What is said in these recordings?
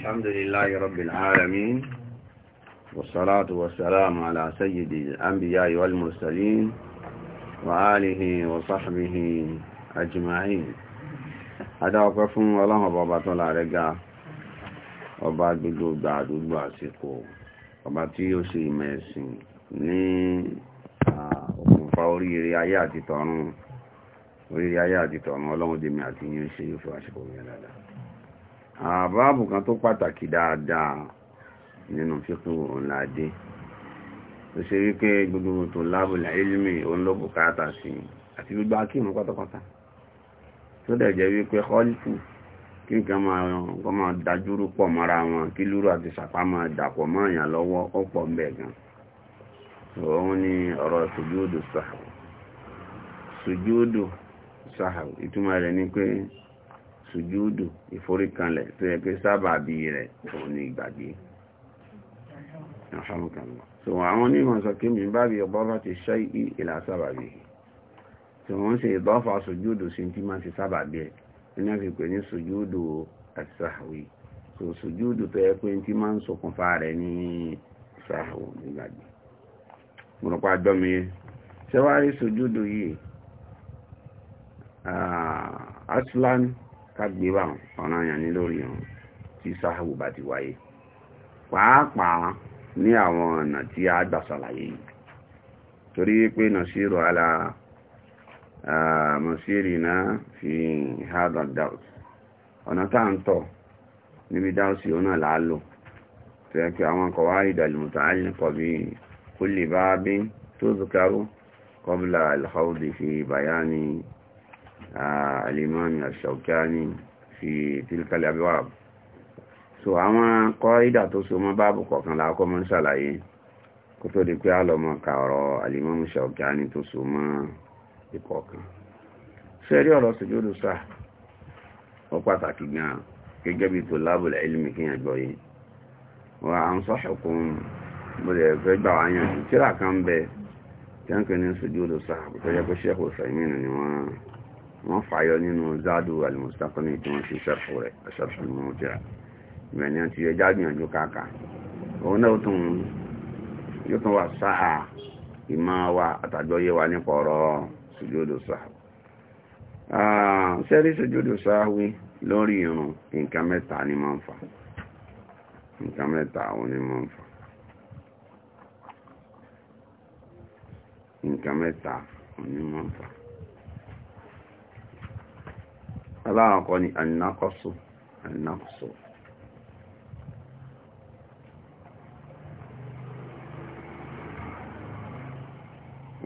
الحمد لله رب العالمين والصلاة والسلام على سيد الأنبياء والمرسلين وآله وصحبه أجمعين هذا وقف الله بابا طلع رجاء ọba gbogbo ìgbà àdúgbò àsìkò ọba tí ó ṣe ìmẹ̀sìn ní òkùnfà oríire ayé àti tọ̀run oríire ayé àti tọ̀run ọlọ́run dèmi àti yín ṣe yóò fún àsìkò yẹn dáadáa aba kan tó pàtàkì dáadáa nínú fíkú ọ̀làdé tó ṣe wípé gbogbo tó lábùlà ilmi olóbùkátà sí àti gbogbo akíhùn pátápátá tó dẹ̀ jẹ́ wípé họ́lífù kí nǹkan máa dájúrú pọ̀ mọ́ra wọn kí àti sàpá máa dàpọ̀ mọ́ àyàn lọ́wọ́ ó pọ̀ ń bẹ̀ gan òun ni ọ̀rọ̀ ìtumọ̀ rẹ̀ sùjúdù ìforíkanlẹ̀ tó yẹ pé sábà bí rẹ̀ òun ni ìgbàgbé so àwọn onímọ̀ sọ kí mi bá bí ọgbọ́rọ̀ ti ṣe ìlà sábà bí tí wọ́n ṣe ìdọ́fà sùjúdù sí tí máa ti sábà bí ẹ̀ iná fi pè ní sùjúdù àti sàhàwì so sùjúdù tó yẹ pé tí máa ń ṣokùnfà rẹ̀ ní sàhàwì nígbàgbé mo dọ́mi ṣẹ́wárí sùjúdù yìí ah, aslan kágbébà ọ̀ràn yàn ní lórí wọn tí sáhàwù bá ti wáyé pàápàá ní àwọn ọ̀nà tí a gbà sàlàyé yìí torí pé nàṣírò ala mọ̀sírì náà fi hádà dáùt ọ̀nà tá ń tọ̀ níbi dáùsì ọ̀nà láàlò tẹ́ àwọn kọ̀wá ìdàlùmọ̀tà alìkọ̀ bí kúlè bá bí tó zukarú kọ́bùlà alìkọ̀ọ́dì fi bàyá ni alimami ashaukani fi tilkali abiwab so àwọn kọ́ ìdà tó so mọ́ báàbù kọ̀ọ̀kan láàkọ́ mọ́ ṣàlàyé kò tó di pé lọ ka ọ̀rọ̀ alimami ashaukani tó so mọ́ ìkọ̀ọ̀kan ṣe ọ̀rọ̀ sùjúdù sáà ó pàtàkì gan gẹ́gẹ́ bí tó lábùlẹ̀ ilmi kíyàn gbọ́ yìí wà á ń sọ́ṣọ̀kún bóde ẹ̀fẹ́ gbà wá yàn tíra kan bẹ tí ní sùjúdù sáà tó yẹ kó ṣẹ́kù wọ́n fàyọ nínú zádù alìmọ̀sákọ́nì tí wọ́n fi ṣẹ́fù rẹ̀ ṣẹ́fù mọ́jẹ́ ìmẹ̀ni àti ẹjá gbìyànjú káàkà òun náà tún yóò tún wà sáà ìmọ̀ wa àtàjọyé wa nípa ọ̀rọ̀ sùjúdù sáhù sẹ́rí sùjúdù sáhù lórí irun nǹkan mẹ́ta ni máa ń nǹkan aláàkọ́ ni ànàkọ́sù ànàkọ́sù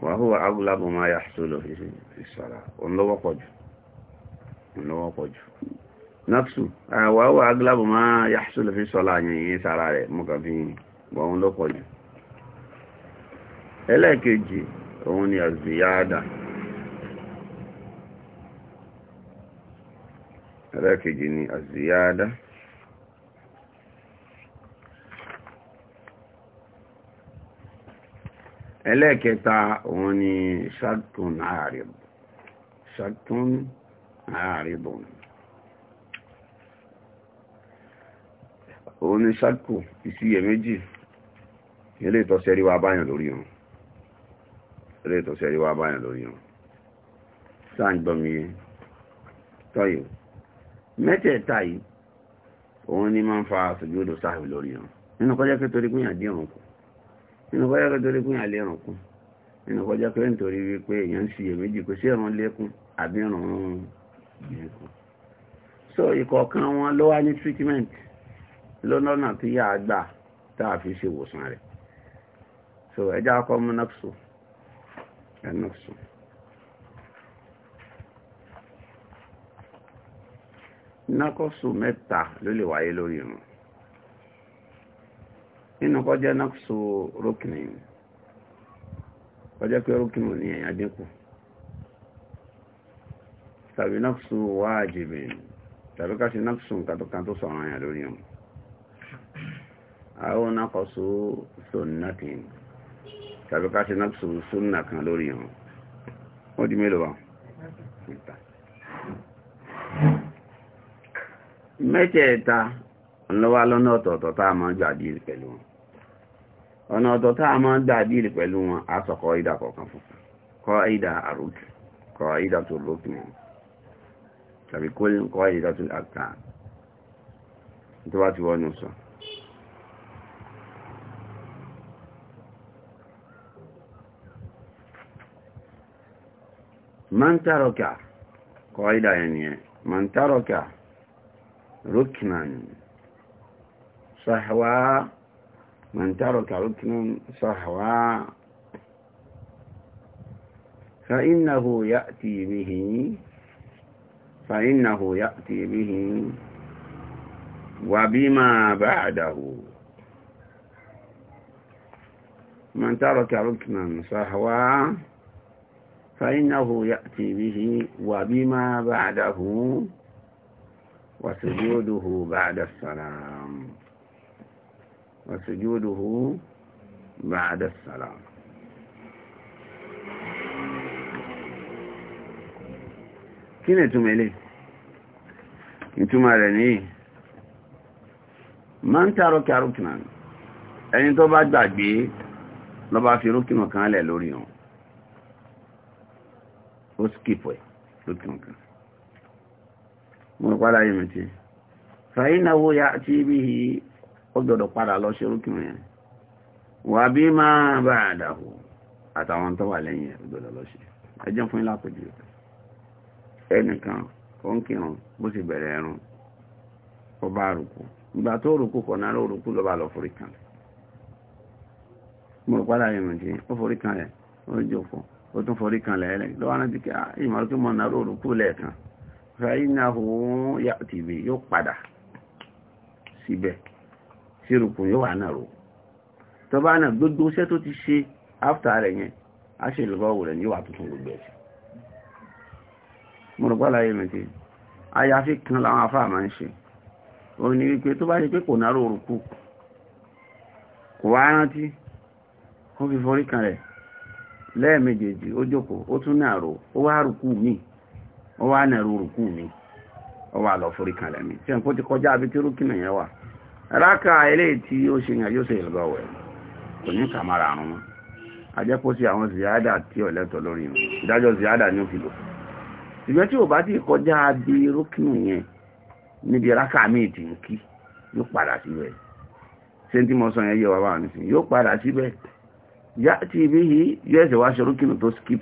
wàhúwà agúlábù máa yà sólò nafsu agúlábù máa yà sólò sára rẹ̀ lọ́pọ̀jù ẹlẹ́ẹ̀kejì òun ni ẹlẹ́kejì ni àzíyádá ẹlẹ́kẹta òun ni ṣàtún àárìbù ṣàtún àárìbù òun ni ṣàkù ìsíyèméjì ilé ìtọ́sẹ̀rí wa báyàn lórí wọn ilé ìtọ́sẹ̀rí wa báyàn lórí wọn sáà ń gbọ́mí tọ́yìn mẹ́tẹ̀ẹ̀ta yìí òun ni máa ń fa sùjúdù sáàbì lórí ọ̀run nínú kọjá pé torí kúnyà dé ọ̀run kù nínú kọjá pé torí kúnyà lé ọ̀run kù nínú kọjá pé nítorí wípé èèyàn ń ṣiyè méjì pé sí lékún àbí lékún. so ìkọ̀ọ̀kan wọn ló wá ní treatment lọ́nà tí yà á gbà tá a fi ṣe so ẹja akọ nákọ́sù mẹ́ta ló lè wáyé lórí ìrun nínú kọjá nákọ́sù rókìnì kọjá pé rókìnì ní ẹ̀yà dínkù tàbí nákọ́sù wájìbì tàbí káṣí nákọ́sù kàtọkàn tó sọ̀rọ̀ àyà lórí ìrun àwọn nákọ́sù sunnatin tàbí káṣí nákọ́sù sunna kan lórí ìrun ó di mélòó mẹ́tẹ̀ẹ̀ta ńlọ́wà lọ́nà ọ̀tọ̀ọ̀tọ̀ tá a máa ń gbà díìlì pẹ̀lú wọn ọ̀nà ọ̀tọ̀ tá a máa ń gbà díìlì pẹ̀lú wọn a sọ kọ́ ìdà kọ̀ọ̀kan fún kọ́ ìdà àrùtù kọ ìdà tó lókè mọ́ tàbí kọ́ ìdà tó àkà tó bá ti wọ́nu sọ man taraka kọ́ ìdà yẹn nìyẹn man taraka ركنا صحوا من ترك ركنا صحوا فإنه يأتي به فإنه يأتي به وبما بعده من ترك ركنا صحوا فإنه يأتي به وبما بعده وسجوده بعد السلام وسجوده بعد السلام kí ni ìtumọ̀ ilé ìtumọ̀ rẹ̀ ní ma ń tààrọ kí arúkìnà ẹni tó bá gbàgbé lọ bá fi rúkìnà kan lẹ̀ lórí wọn ó skip ẹ̀ rúkìnà kan mo padà yìí mìtì fàyínàwó ya tí bí i ó padà lọ ṣe orúkìmù yẹn wà bí máa bá àdàhù àtàwọn tó wà lẹ́yìn ẹ̀ gbọdọ̀ lọ ṣe ẹjọ́ fún ilá pẹ̀lú ẹnìkan ó ń kírun bó ti bẹ̀rẹ̀ ẹ̀rùn ó bá rùkú ìgbà tó rùkú kọ̀ náà rùkú ló bá lọ forí kan yìí ó kan ó ó tún forí kan lọ́wọ́ náà ti kí ah, fàyínàhù yàtì bí yóò padà síbẹ̀ sírùkùn yóò wà náà rò tó bá náà gbogbo iṣẹ́ tó ti ṣe áfta rẹ̀ yẹn a ṣe lọ́wọ́ rẹ̀ yóò wà tuntun gbogbo ẹ̀ṣẹ̀ mo rò pàlàyé mẹ́tẹ́ àyàfi kan làwọn afáà máa ń ṣe ó ní wípé tó bá ṣe pé kò náró orùkù kò wá rántí ó fi forí kan rẹ̀ lẹ́ẹ̀mejèèjì ó jókòó ó tún náà rò ó wá rùkù míì ó wá nàrú rùkú mi Ọ wá lọ forí kan lẹ́mi tí ẹ̀kọ́ ti kọjá àbí tí rúkì nìyẹn wà ráka eléyìí tí ó se yàn yóò ṣe ìlọ́wẹ̀ kò ní kà mára àrùn mọ́ sí àwọn ziyada tí ó lẹ́tọ̀ lórí wọn ìdájọ́ ni ó fi lò ṣùgbọ́n tí ò bá ti kọjá bí rúkì nìyẹn níbi raka mi ti ń yóò padà síbẹ̀ ṣé tí mo wà wà yóò padà síbẹ̀ Ya ti ibi yìí yóò ẹ̀sẹ̀ wá ṣe rúkì nù tó skip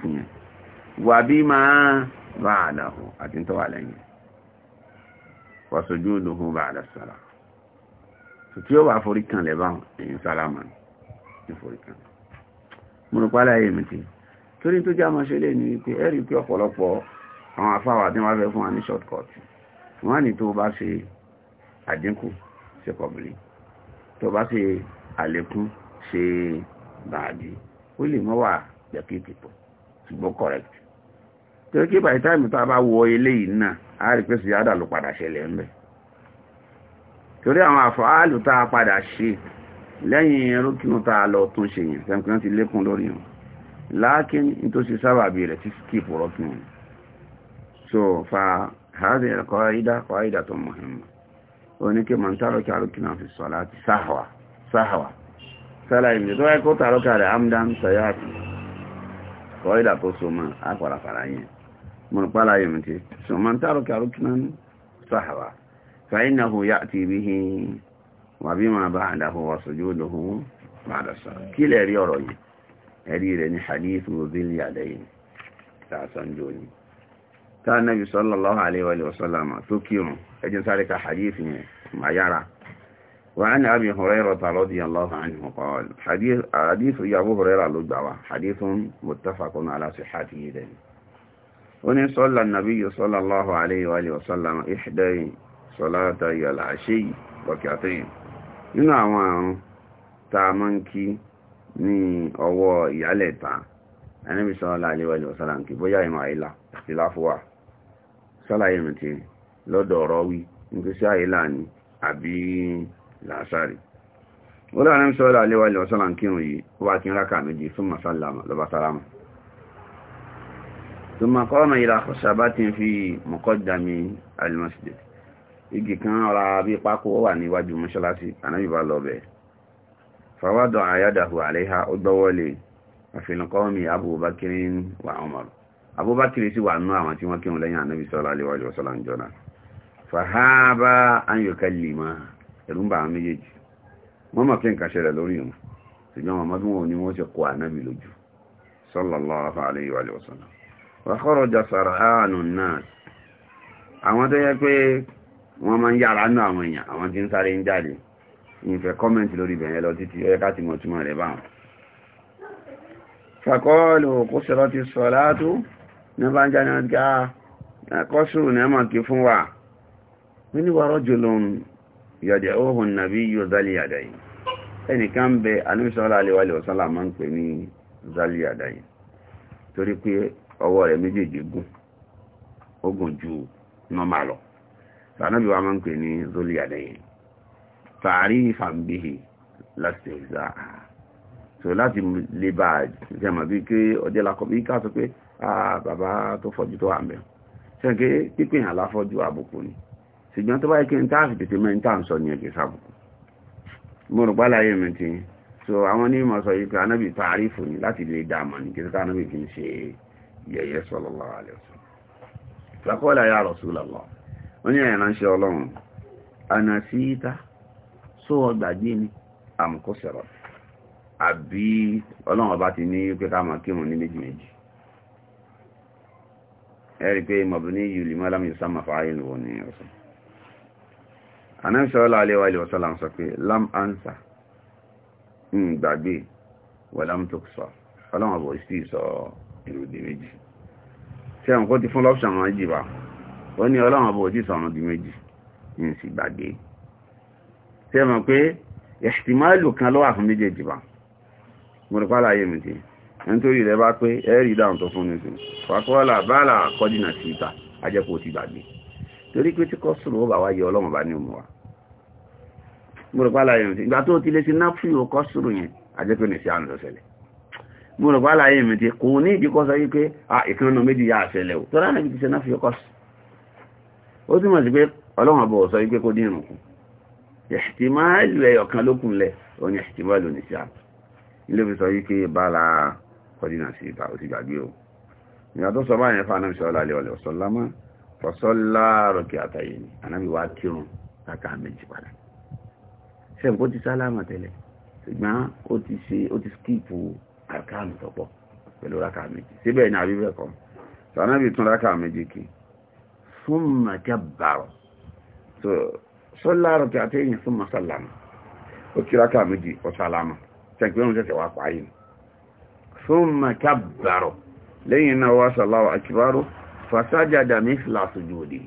ba'dahu àti tó wà lẹ́yìn wa sujuduhu ba'da salam tí ó wà forí kanlẹ̀ báwọn èyí sálámà ní forí kanlẹ̀ mo rò pálá èyí mi ti torí tó já máa ṣe lè ní pé ẹ̀rí pé ọ̀pọ̀lọpọ̀ àwọn afáwà tí wọ́n fẹ́ fún wa ní shortcut wọ́n ní tó bá ṣe àdínkù ṣe kọ̀bìlì tó bá ṣe àlékún ṣe bàádì ó lè mọ́ wà yẹ kí ṣùgbọ́n correct tí ó kí by time tá a bá wọ eléyìí náà a rí pé sùyádà ló padà ṣẹlẹ̀ ń bẹ̀ torí àwọn àfàálù tá a padà ṣe lẹ́yìn rúkínú tá a lọ tún ṣe yẹn tẹ́mkìrán ti lékún lórí wọn láàkín tó ṣe sábàbí rẹ̀ tí skip rọ́kìn wọn so fa hàzẹ̀ kọ́ídà kọ́ídà tó mọ̀hìnmọ̀ oníkè mọ̀ntàrọ̀kì àrùkínà fi sọ̀lá ti sáhàwà sáhàwà sálà ìmìnì tó wáyé kó tààrọ́ kàrẹ̀ amdan sayati kọ́ ìdà tó so mọ́ àpàràpàrà yẹn mọ̀rùpálá yìí mìtí so man tárùkà rúkìnan sáhàwà fàínàhù yá ti bí i wà bí ma bá àdáhù wà sujúdùhù bàdàsà kí lè rí ọ̀rọ̀ yìí ẹ̀rí rẹ̀ ní hadithu zili àdáyìn tààsán jóni ta nabi sallallahu alaihi wa sallam tó kírun ẹjin sáré ka hadith yẹn ma yára وعن أبي هريرة رضي الله عنه قال حديث, حديث أبو هريرة لدعوة حديث متفق على صحته ذلك onye صلى النبي صلى الله عليه وآله وسلم إحدى صلاتي العشي ركعتين nínú àwọn àrùn tá a máa ń kí ní ọwọ́ ìyálẹ̀ ìta ẹnìbí sọ́lá àléwàlẹ̀ ọ̀sára nkì bóyá ìmọ̀ àìlà ìláfúwà sálàyé mìtì lọ́dọ̀ ọ̀rọ̀ wí nígbésí àìlà ní ثم قام إلى خشبات في مقدم المسجد igi kan ọ̀rọ̀ àbí pákó wà níwájú mọ́ṣálásí anábìbá lọ́bẹ̀ fàwádọ̀ àyádàhù àléhà ó gbọ́wọ́lé àfihànkọ́mí abúbákiri wà Umar abúbákiri sí wà nú àwọn tí wọ́n kírun lẹ́yìn anábì sọ́lá aléwájú ọ̀sọ́lá ń jọ́nà fàhábá wàkọ́rọ̀jà sàràánù náà àwọn tó yẹ pé wọ́n máa ń yára nù àwọn èèyàn àwọn tí ń sáré ń jáde ìfẹ́ kọ́mẹ̀ntì lórí ìbẹ̀yẹn lọ títí ó yẹ ká ti mọ̀ túmọ̀ rẹ̀ báwọn fàkọ́ọ̀lù kó sọ̀rọ̀ ti sọ látú ní bá ń jáde wọn ká kọ́sùrù ah, ní ẹmọ̀ kí fún wa torí pé ọwọ́ rẹ̀ méjèèjì gùn ó gùn ju nọ́mà lọ sànàbí wa máa ń pè ní zoli àdẹ́yìn tààrí ìfàmbìhì láti ìzá so láti lè bá jẹmà bí kí ọjẹ́ lakọ bí ká sọ pé bàbá tó fọ́jú tó wà mẹ́ sẹ́ńké pípìn àláfọ́jú àbùkù ni ṣùgbọ́n tó bá yẹ kí n táàfì tètè mẹ́ ń tà ń sọ ní ẹ̀kẹ́ sàbùkù mo rò pálá yẹn mi ti so àwọn onímọ̀ sọ yìí pé anábì tààrí ni láti lè dààmú ní kí ká anábì fi ń ṣe é yẹ̀yẹ́ sallallahu alaihi wasallam faqala ya Rasulallah wọ́n ní ẹ̀ránṣẹ́ ọlọ́run anasita só ọgbàgbé ni àmùkọ́sẹ̀rọ̀ àbí ọlọ́run ọba ti ní pé ká máa kírun ní méjì méjì ẹ̀rí pé mọ̀bìní yìí lè mọ́lámi sáàmà fàáyìn wọ ní ọ̀sán anẹ́sọ́ ọlá alẹ́wà ilẹ̀ ọ̀sán láǹsọ pé lam ansa ń gbàgbé wà lam tó sọ ọlọ́run ọba ò sọ èrò di méjì ṣe àwọn kó ti fún lọ́pṣà àwọn méjì bá ó ní ọlọ́run ọbọ̀ òjì sọ̀rọ̀ di méjì ní sì gbàgbé ṣe mọ̀ pé ẹ̀ṣìmáìlù kan ló wà fún méjèèjì bá mo rí pálá ayé mi ti nítorí rẹ bá pé ẹ̀rí dáhùn tó fún nísìn fàkọ́lá bàálà kọ́dínà sí ìta ajẹ́pọ̀ ti gbàgbé torí pé tí kọ́sùrù ó bà wá yẹ ọlọ́run bá ní òmùwà mo rí pálá ayé mi ìgbà tó ti lè ṣe náà fún ìwò kọ́sùrù yẹn ajẹ́pọ̀ ní sí àrùn lọ́sẹ̀lẹ̀ mo rò pàálà yìí mi ti kò ní ìdíkọ́ sọ wípé ìkànnà méjì yà àṣẹlẹ̀ ò tọ́lá nàbí ti ṣe náà fi ọkọ̀ sí ó túnmọ̀ sí pé ọlọ́run àbọ̀ sọ wípé kó dín irun kù ìṣtìmáàlù ẹyọkan lókun lẹ ó ní ìṣtìmáàlù ní sí àpò ilé fi sọ wípé bára kọdínà sí ibà ó ti gbàgbé o ìyá tó sọ báyẹn ṣùgbọ́n ó ti ṣe ó ti skip àrkánù tọ́pọ̀ pẹ̀lú rákà méjì síbẹ̀ ní àbíbẹ̀ kan sànábì tún rákà méjì kí súnmà jábàrọ̀ sọ́lárọ̀ kí àtẹ́yìn súnmà sàlámà ó kí rákà méjì ó sàlámà tẹ́gbẹ́rún tẹ́tẹ̀ wá pààyè súnmà jábàrọ̀ lẹ́yìn náà wá sujudi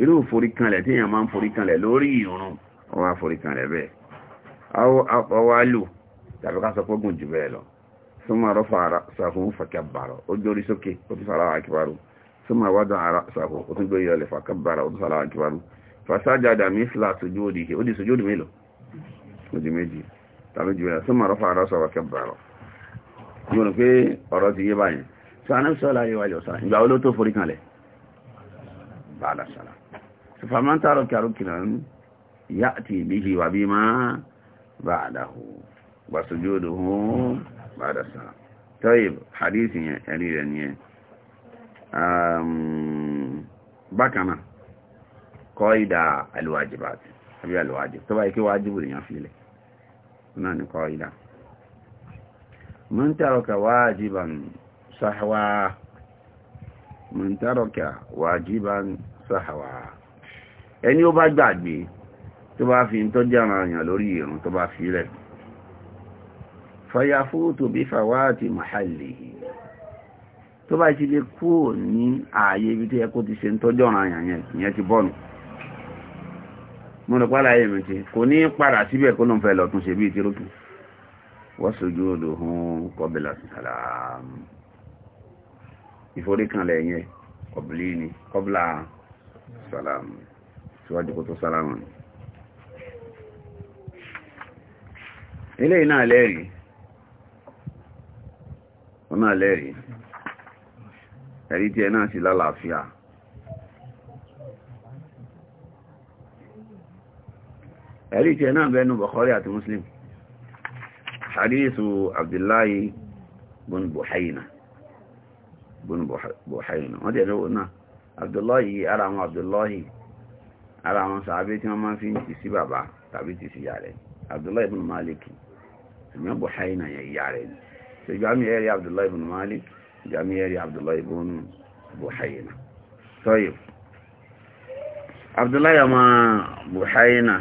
irú ìforíkanlẹ̀ tí èèyàn máa ń foríkanlẹ̀ lórí ìrun ó wá foríkanlẹ̀ bẹ́ẹ̀ tàbí ká sọ pé gùn jù bẹ́ẹ̀ lọ súnmọ́ rọ́fà ara sàfún fàkẹ́ bàrọ̀ ó dórí sókè ó tún sàrà àkíbarú súnmọ́ wádùn ara sàfún ó tún gbéyọ̀ lẹ̀ fàkẹ́ bàrọ̀ ó tún sàrà àkíbarú fàṣájàdà mífìlà sojú òdì ó di sojú òdì mélòó ojú méjì tàbí jù bẹ́ẹ̀ súnmọ́ rọ́fà ara sàfún fàkẹ́ bàrọ̀ yóò rò pé ọ̀rọ̀ ti yé báyìí sàánẹ́sọ́lá yóò wájọ̀ sáà ìgbà olóò tó forí kanlẹ̀ bàdà sára sùfàmántàrọ̀ kí àrùkìnà yá àti ìbíhì wà máa bàdà hù wàsùjúdù hún padà sáà tọ́yìb hadith yẹn ẹ̀rí rẹ̀ ni ẹ̀ bákanáà kọ́ ìdá alwajibat àbí alwajib tó báyìí kí wájìbù lèyàn fílẹ̀ náà ni kọ́ ìdá من ترك واجبا سهوا من ترك واجبا سهوا ẹni ó bá gbàgbé tó bá fi ń tọ́jú èèyàn lórí ìrun tó bá fi fayafútù bí fàwáàtì mọ̀hálì tó bá ti lè kúrò ní ààyè ibi tó yẹ kó ti ṣe ń tọ́jọ́ ọ̀ràn àyàyàn ìyẹn ti bọ́nu mo lọ́pàá láyé mi ti kò ní padà síbẹ̀ kó ló ń fẹ́ ṣe bí ìtìrókù wọ́n sojú odò hun kọbílà sàlám ìforíkanlẹ̀ yẹn kọbílì ni kọbílà sàlám síwájú kó tó sàlám ilé iná lẹ́rìí òun náà lẹ́rìí ẹ̀rí tí ẹ náà sì lálàáfíà ẹ̀rí tí ẹ náà bẹ́nu Bukhari àti Muslim hadithu Abdullahi bin Buhayna bin Buhayna wọ́n tẹ̀lé òun náà Abdullahi ara àwọn Abdullahi ara àwọn sàábé tí wọ́n máa fi ń ti sí bàbá tàbí ti sí yà rẹ̀ Abdullahi so ìgbàmí ẹ̀rí abdullahi ibn malik ìgbàmí ẹ̀rí abdullahi ibn buhaina sọ́yì abdullahi ọmọ buhaina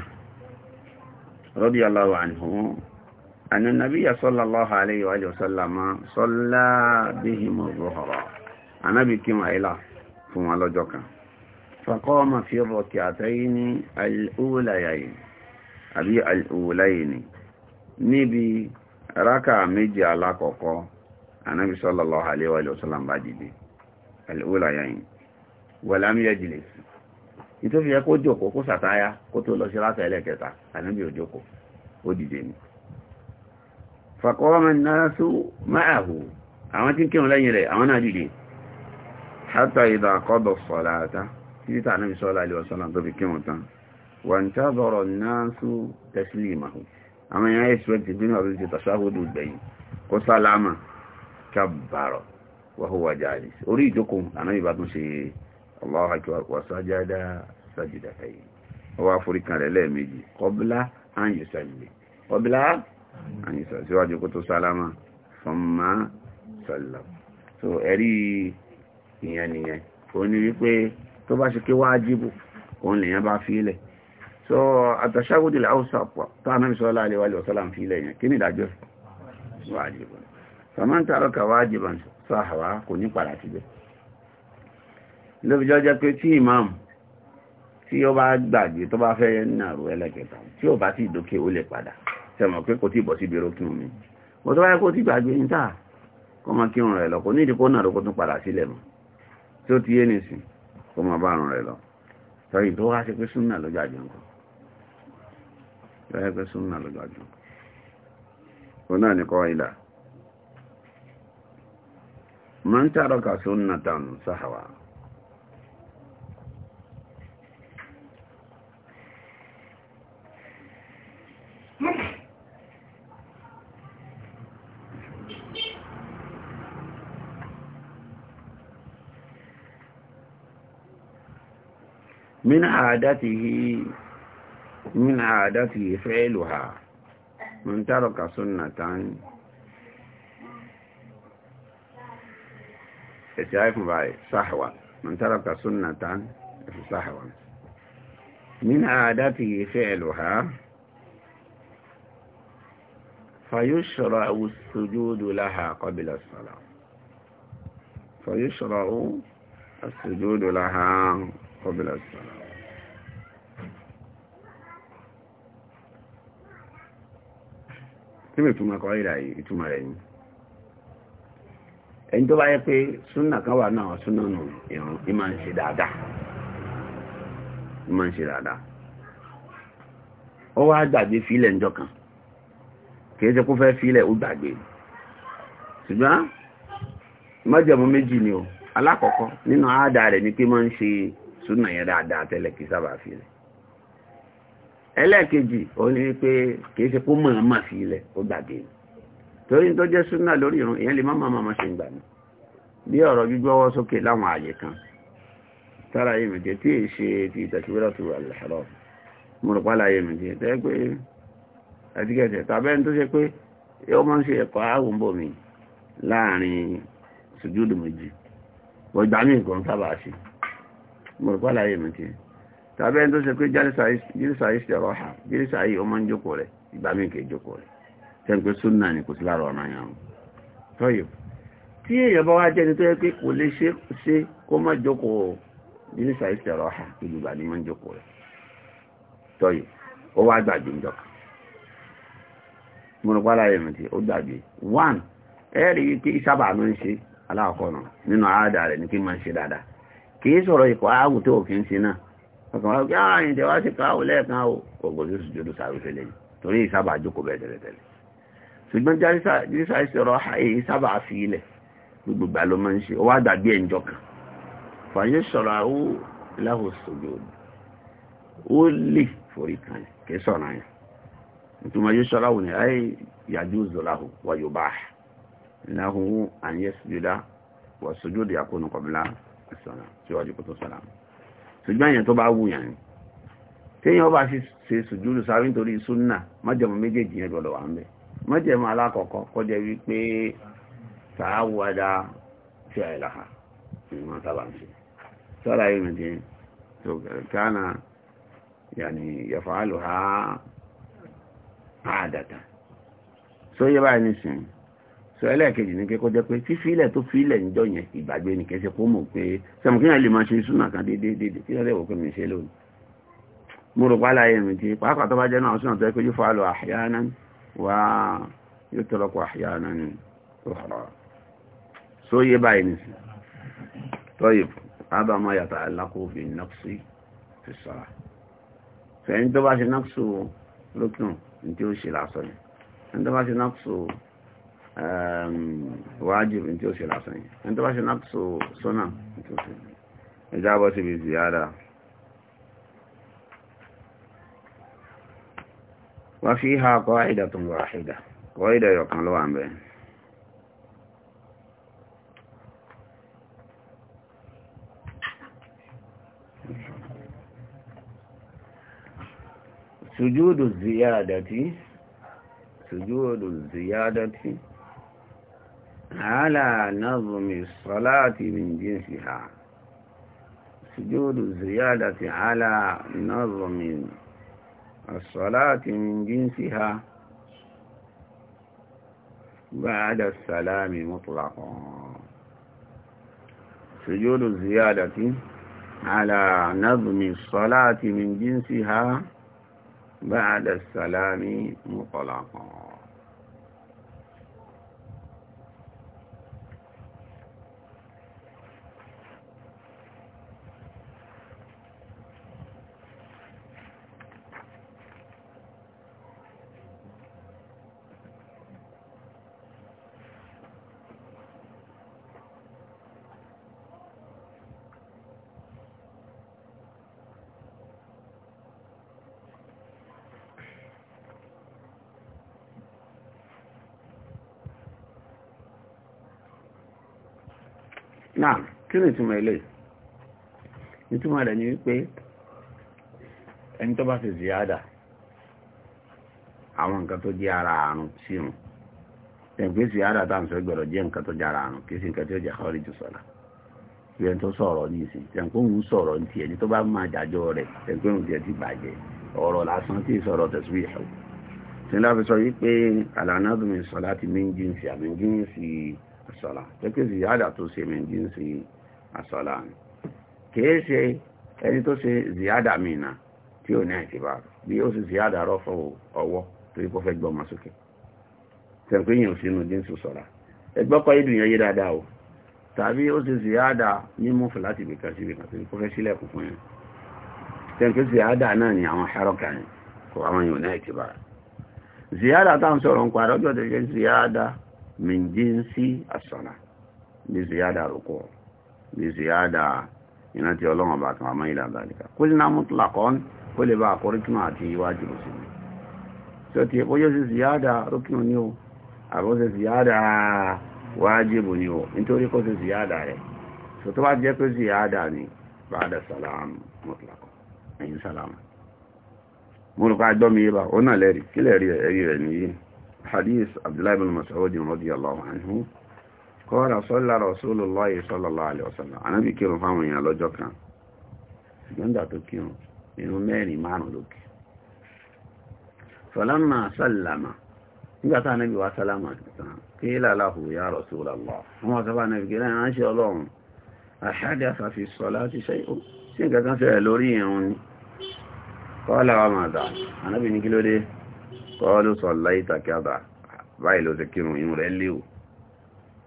radiyallahu anhu أن النبي صلى الله عليه وآله وسلم صلى بهم الظهر أنا بكم إلى ثم لجوكا فقام في الركعتين الأوليين أبي الأولين نبي rákà méjì alákọ̀ọ́kọ́ anábi sallallahu alaihi wa bá dìde al'ula yayin wà lámíyà jìlẹ̀ sí i tó fi yẹ kó jòkó kó sàtáyá kó tó lọ sí rákà ẹlẹ́kẹta anábi ò ó dìde ni faqama an-nasu àwọn tí ń kírun lẹ́yìn rẹ̀ àwọn náà dìde hatta idha qada as-salata títí tà àwọn èèyàn expect ìbínú ọ̀rọ̀ ti tàṣáhùdù gbẹ̀yìn kó sálámà kábàárọ̀ wàhùwà jáde orí ìjókòó àná ìbá tún ṣe Allahu akbar wàsájádá sájìdá ẹ̀yìn ọwọ́ àforíkan rẹ̀ lẹ́ẹ̀mejì kọbílá àyùsàlẹ̀ kọbílá àyùsàlẹ̀ síwájú kó tó sálámà fọ́nmá sàlám so ẹ̀rí ìyẹn nìyẹn òun ni wípé tó bá ṣe kí so àtàṣàwòdì láwùsàpọ̀ tó anábì sọ́lá àlewàlẹ̀ ọ̀sọ́lá ń fi ilẹ̀ yẹn kí ni ìdájọ́ wájìbọn samantha rọ́kà wájìbọn sáhàwá kò ní padà síbẹ̀ lóbìjọ́ jẹ́ pé tí imam tí ó bá gbàgbé tó bá fẹ́ nàró ẹlẹ́kẹta tí ó bá ti dókè ó lè padà sẹ́mọ̀ pé kò tí bọ̀ síbi rókìn omi bó tó báyẹ́ kó tí gbàgbé ń tà kó mọ kí rùn rẹ̀ lọ kò ní ìdíkó nàró kó tún padà sílẹ̀ mọ́ tí ti yé nìsín kó mọ bá rùn rẹ̀ lọ sọ ìdó wá sí pé súnà ló jáde فهذا سنة للعجل هنالك قائلة من ترك سنة سهوا من عادته من عادته فعلها من ترك سنة شايف معي صحوة من ترك سنة صحوة من عادته فعلها فيشرع السجود لها قبل الصلاة فيشرع السجود لها قبل الصلاة kí ni ìtumọ̀ kọ́ ìrà yìí ìtumọ̀ rẹ̀ yìí ẹni tó bá yẹ pé súnà kan wà náà súnà nù ìrùn ìmọ̀ ń ṣe dáadáa ìmọ̀ ń ṣe dáadáa ó wá gbàgbé fílẹ̀ ńjọ kan kì ṣe kó fẹ́ fílẹ̀ ó gbàgbé ṣùgbọ́n mọ́jọ̀mọ́ méjì ni o alákọ̀ọ́kọ́ nínú àádá rẹ̀ ni pé máa ń ṣe súnà yẹn dáadáa tẹ́lẹ̀ kì sábà fílẹ̀ ẹlẹ́ẹ̀kejì ó ní pé kìí ṣe kó mọ̀ọ́mọ̀ fi ilẹ̀ ó gbàgbé torí tó jẹ́ súnà lórí ìrun èèyàn lè ma máa máa ṣe ń gbà mí bí ọ̀rọ̀ gbígbọ́wọ́ sókè láwọn ààyè kan tára yé tí èyí ṣe ti ìtẹ̀síwẹ́rọ̀ tó wà lọ́rọ̀ mo rò pálá yé tẹ́ pé ẹ̀dígẹ̀tẹ̀ tàbẹ́ni tó ṣe pé ó máa ń ṣe ẹ̀kọ́ mi láàrin sùjúdù méjì gbọ̀gbà mí nǹkan sábà ṣe mo tàbí ẹni tó ṣe pé jírísà yìí ṣe rọ́ṣà jírísà yìí ọmọ ń jókòó rẹ̀ ìgbà míì kìí jókòó rẹ̀ tẹ́ ń pé súnà ni kò sí lára ọ̀nà yàn án tọ́yọ̀ tí èèyàn bá wá jẹ́ ni tó yẹ pé kò lè ṣe ṣe kó má jókòó ni ń jókòó rẹ̀ tọ́yọ̀ ó wá gbàgbé ń pálá yẹn ti ó gbàgbé one kí ṣe aláàkọ́nà nínú rẹ̀ ọkàn wọn kí àwọn àyìndẹ̀ wá sí káwò lẹ́ẹ̀kan o kò gbọdọ̀ sí jòdó sáré fẹ́lẹ̀ torí ìsábà jókòó bẹ́ẹ̀ tẹ́lẹ̀tẹ́lẹ̀ ṣùgbọ́n jírísà ìṣòro èyí sábà fi ilẹ̀ gbogbo ìgbà ló máa ń ṣe ó wá dàbí ẹ̀ǹjọ kan fàyè sọ̀rọ̀ ó láhùn sójú òdu ó lè forí kan kì í ìtumọ̀ yóò sọ̀rọ̀ àwọn ènìyàn ayé yàjú ṣùgbọ́n èèyàn tó bá wù yàn ni téèyàn bá sì ṣe sùjúdù sáré nítorí súnà májẹ̀mú méjèèjì yẹn gbọ́dọ̀ wà ń bẹ̀ májẹ̀mú alákọ̀ọ́kọ́ kọjá wípé tààwàdà tí a ìlàhà ìmọ̀ sábà ń ṣe sọ́ra yìí nìdí tó kánà yàní yẹ̀fọ́ àlùhà àdàtà sóyè báyìí nìsín tó ẹlẹ́ẹ̀kejì ní kíkọ́ jẹ́ pé fífílẹ̀ tó fílẹ̀ níjọ́ yẹn ìgbàgbé ní kẹsẹ̀ kó mọ̀ pé sẹ́mu kí wọ́n lè máa ṣe súnà kan déédéé kí wọ́n lè wò pé mi ṣe lónìí. mo rò pálá yẹn mi ti pàápàá tó bá jẹ́ náà súnà tó yẹ pé yóò fà lọ àhíyáná wá yóò tọrọ kọ àhíyáná ni ọ̀rọ̀ só yé báyìí nìsí tọ́yì ábà máa yàtọ̀ alákòófin nọ́ọ̀sì ti sọ̀rọ̀ fẹ́ni ní tó bá ṣe nọ́ọ̀sì واجب انت وش العصرية انت باش نقص صنع اجابة بزيادة وفيها قاعدة واحدة قاعدة يقال عن بين سجود الزيادة سجود الزيادة على نظم الصلاة من جنسها سجود الزيادة على نظم الصلاة من جنسها بعد السلام مطلقا سجود الزيادة على نظم الصلاة من جنسها بعد السلام مطلقا kí ni ìtumọ̀ ilé ìtumọ̀ rẹ̀ ni wípé ẹni tó bá fi ziyada àwọn nǹkan tó jẹ́ ara àrùn sí wọn ẹgbẹ́ ziyada táwọn sọ gbọ́dọ̀ jẹ́ nǹkan tó jẹ́ ara àrùn kì í sí nǹkan tó jẹ́ àkọ́rí jù sọ̀rọ̀ ìyẹn tó sọ̀rọ̀ ní ìsìn tẹ̀kọ́ òun sọ̀rọ̀ ní tiẹ̀ ní tó bá máa jàjọ́ rẹ̀ tẹ̀kọ́ òun tiẹ̀ ti bàjẹ́ ọ̀rọ̀ lásán tí ìsọ̀rọ̀ tẹ̀síwì ẹ̀wọ̀ tí láti sọ wípé àlànàdùnmí sọ láti méjì ń sí àmì jíǹsì sọ̀rọ̀ tẹ́kẹ́ sì yáàdà tó ṣe méjì ń sí àsọ̀lá ni kìí ṣe ẹni tó ṣe ziyada mina tí ó ní àìsíbà bí ó sì ziyada rọ ọwọ́ torí kó fẹ́ gbọ́ ọmọ sókè ò sínú jíǹsù sọ̀rá ẹgbọ́kọ̀ ìdùnyàn yé dáadáa o tàbí ó sì ziyada mímú fún láti ibìkan sí ibìkan fẹ́ sílẹ̀kùn fún yẹn náà ni àwọn yẹn àwọn ní táwọn sọ̀rọ̀ ń ní bí ziyada ìrántí ọlọ́run ọba kan àmọ́ ìlà àgbàlìkà kó sí náà mutlaqan kó lè bá àkọ́ríkùn àti iwájú lọ síbi tí ó ti ó yóò sí ziyada rúkùn ní o àbọ̀ sí ziyada wájibu ní o nítorí kó sí ziyada rẹ̀ tó tó bá jẹ́ pé ziyada ni ba'da salam mutlaqan ẹ̀yìn salama múrùká gbọ́mí yíba ó náà lẹ́rìí kílẹ̀ rí ẹ̀rí rẹ̀ nìyí hadith abdullahi bin mas'ud radiyallahu anhu kọ́ra sọ́lá Rasulullahi sallallahu alaihi wasallam anábì kírun fáwọn èèyàn lọ́jọ́ kan gbọ́ndà tó kírun inú mẹ́rin márùn lókè sọ́lámà sálàmà nígbàtà anábì wá sálàmà tán kí lálàhù ya Rasulallah wọ́n sọ́bà anábì kí láyé ránṣẹ́ ọlọ́run àṣáde àfàfi sọ́lá ti ṣe ó sí nǹkan kan fẹ́rẹ̀ lórí ìrun ni kọ́lá wa màdà anábì ní kí ló dé kọ́lù sọ̀lá ìtàkẹ́ àbá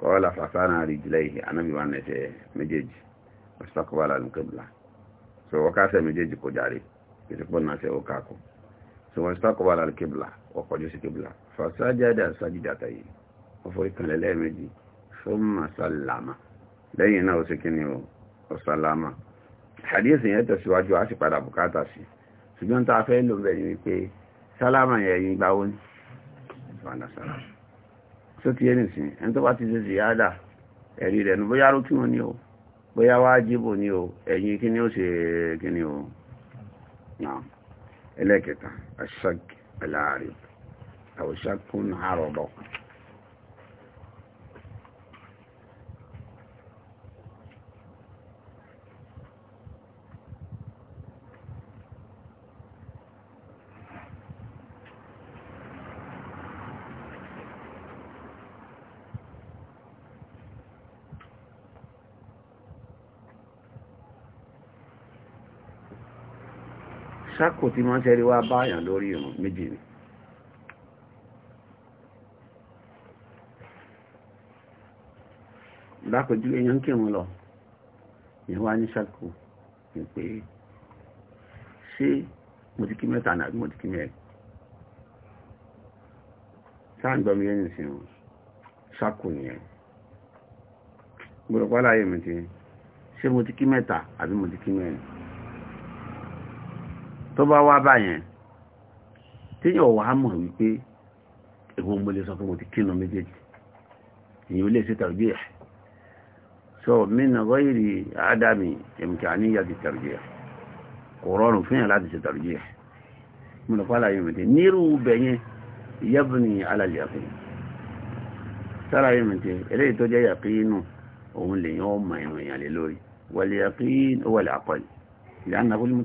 kọ́ọ̀lá fàfánà rìjìláyì anábì wà nẹ́sẹ̀ méjèèjì ọ̀sítàkọ́wàlá lùkẹ́bìlá so ọkásẹ̀ méjèèjì kò járe ìsìnkú náà sẹ́ ọkákù so ọ̀sítàkọ́wàlá lùkẹ́bìlá ọkọ̀jú sí kẹ́bìlá fàṣájáde àṣájídàtà yìí ó forí kanlẹ̀ lẹ́ẹ̀mejì sọ́mà sálámà lẹ́yìn náà ó sì kí ni ó sálámà hadith yẹn tẹ̀síwájú á sì padà bùkátà sí ṣùgbọ́n tá a fẹ́ lò bẹ́ẹ̀ ni tó ti ẹni sìn ẹni tó bá ti ṣe ẹ̀rí rẹ̀ ní bóyá wọn ni o bóyá wá jíbò ni o ẹ̀yìn kí ni ó ṣe kí ni o ẹlẹ́kẹta aṣáàkì aláàrí sákò tí máa ń tẹ́rí wá báyàn lórí ìrùn méjì ni lápẹjú èyàn kírun lọ ìwá ní sákò ní pé ṣé mo ti kí mẹ́ta náà mo ti kí mẹ́rin sáàgbọ́mí ẹni sí wọn sákò nìyẹn gbọ́dọ̀ pálá yìí mi ti ṣé mo mẹ́ta àbí mo mẹ́rin tó bá wá báyẹn téèyàn wà á mọ̀ wípé èwo mo lè sọ fún mo ti kínú méjèèjì èyàn lè ṣe tàbí ẹ̀ sọ mínà gọ́yìrì ádámì ẹ̀mùkà níyà ti tàbí ẹ̀ kò rọrùn fún yàn láti ṣe tàbí ẹ̀ mo lọ pàlà yìí mẹ́tẹ́ nírú bẹ̀yẹn yẹ́bùnì alàlẹ́ àfihàn sára yìí mẹ́tẹ́ eléyìí tó jẹ́ yàkínù òun lèyàn ọmọ ìrìn àlè lórí wal yaqin wal aqal ìlànà kó ní mo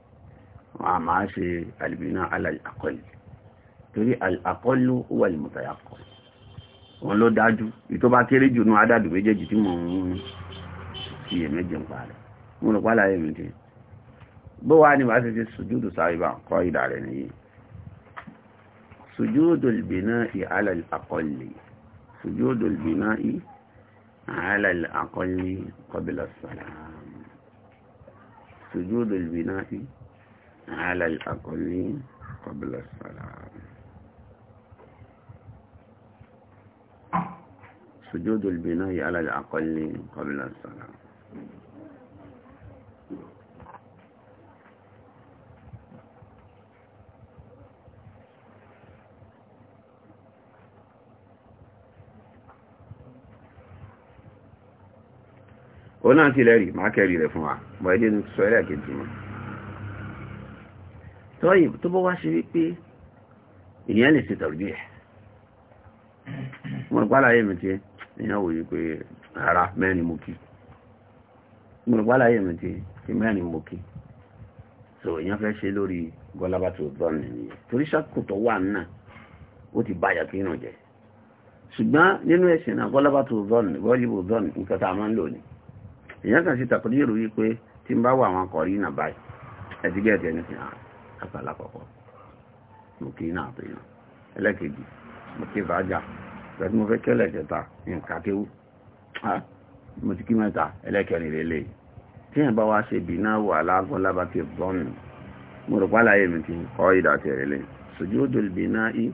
a máa ṣe albina alàkọlù torí àkọlù wà ní mọ̀tàyàkọ̀ wọn ló dájú ìtọ́ bá kéré jù ní adádù méjèèjì tí mò ń fi èméjì ń parẹ́ mo rò pálá èmi tí bó wá ní bá ti ṣe sùjúdù sáríbà kọ́ ìdà rẹ̀ nìyí sùjúdù ìbìnà ìhálà àkọlù sùjúdù ìbìnà ìhálà àkọlù kọbílà sàlám sùjúdù ìbìnà ìhálà على الأقلين قبل الصلاة سجود البناء على الأقلين قبل الصلاة هنا انت لاري معك لاري لفوعة ويجب انك سؤالك انت tọ́yì tó bọ́ wá ṣe wípé èèyàn lè ṣe tọ̀rọ̀jú ẹ̀ mo rọ̀pá láyé mi tí èèyàn wò yí pé ara mẹ́rin mo kí mo rọ̀pá mi tí ti mẹ́rin mo kí so èèyàn fẹ́ ṣe lórí gọlábà tó tọ́ nìyẹn torí ṣàkótọ́ wà náà ó ti báyà kí irun jẹ ṣùgbọ́n nínú ẹ̀sìn náà gọlábà tó tọ́ nì gọ́líbù tọ́ nì nǹkan tá a máa ń lò ní èèyàn kàn sí tàkùnrin yìí pé tí n bá wà àwọn akọ̀rí náà báyìí ẹ̀ kàtàlá kọ̀kọ́ mo kí náà tó yàn ẹlẹ́kejì mo kí fàájà pẹ̀lú mo fẹ́ kẹ́lẹ̀ kẹta nǹkan kéwú ah, mo ti kí mẹ́ta ẹlẹ́kẹrin lélẹ̀ tí yẹn bá wá ṣe bì náà wà lágọ́ lábàkí bọ́ọ̀nù mo rò pálá yẹn mi ti kọ́ ìdàtẹ̀ rẹ̀ lẹ́yìn sojú ó dòlù bì náà í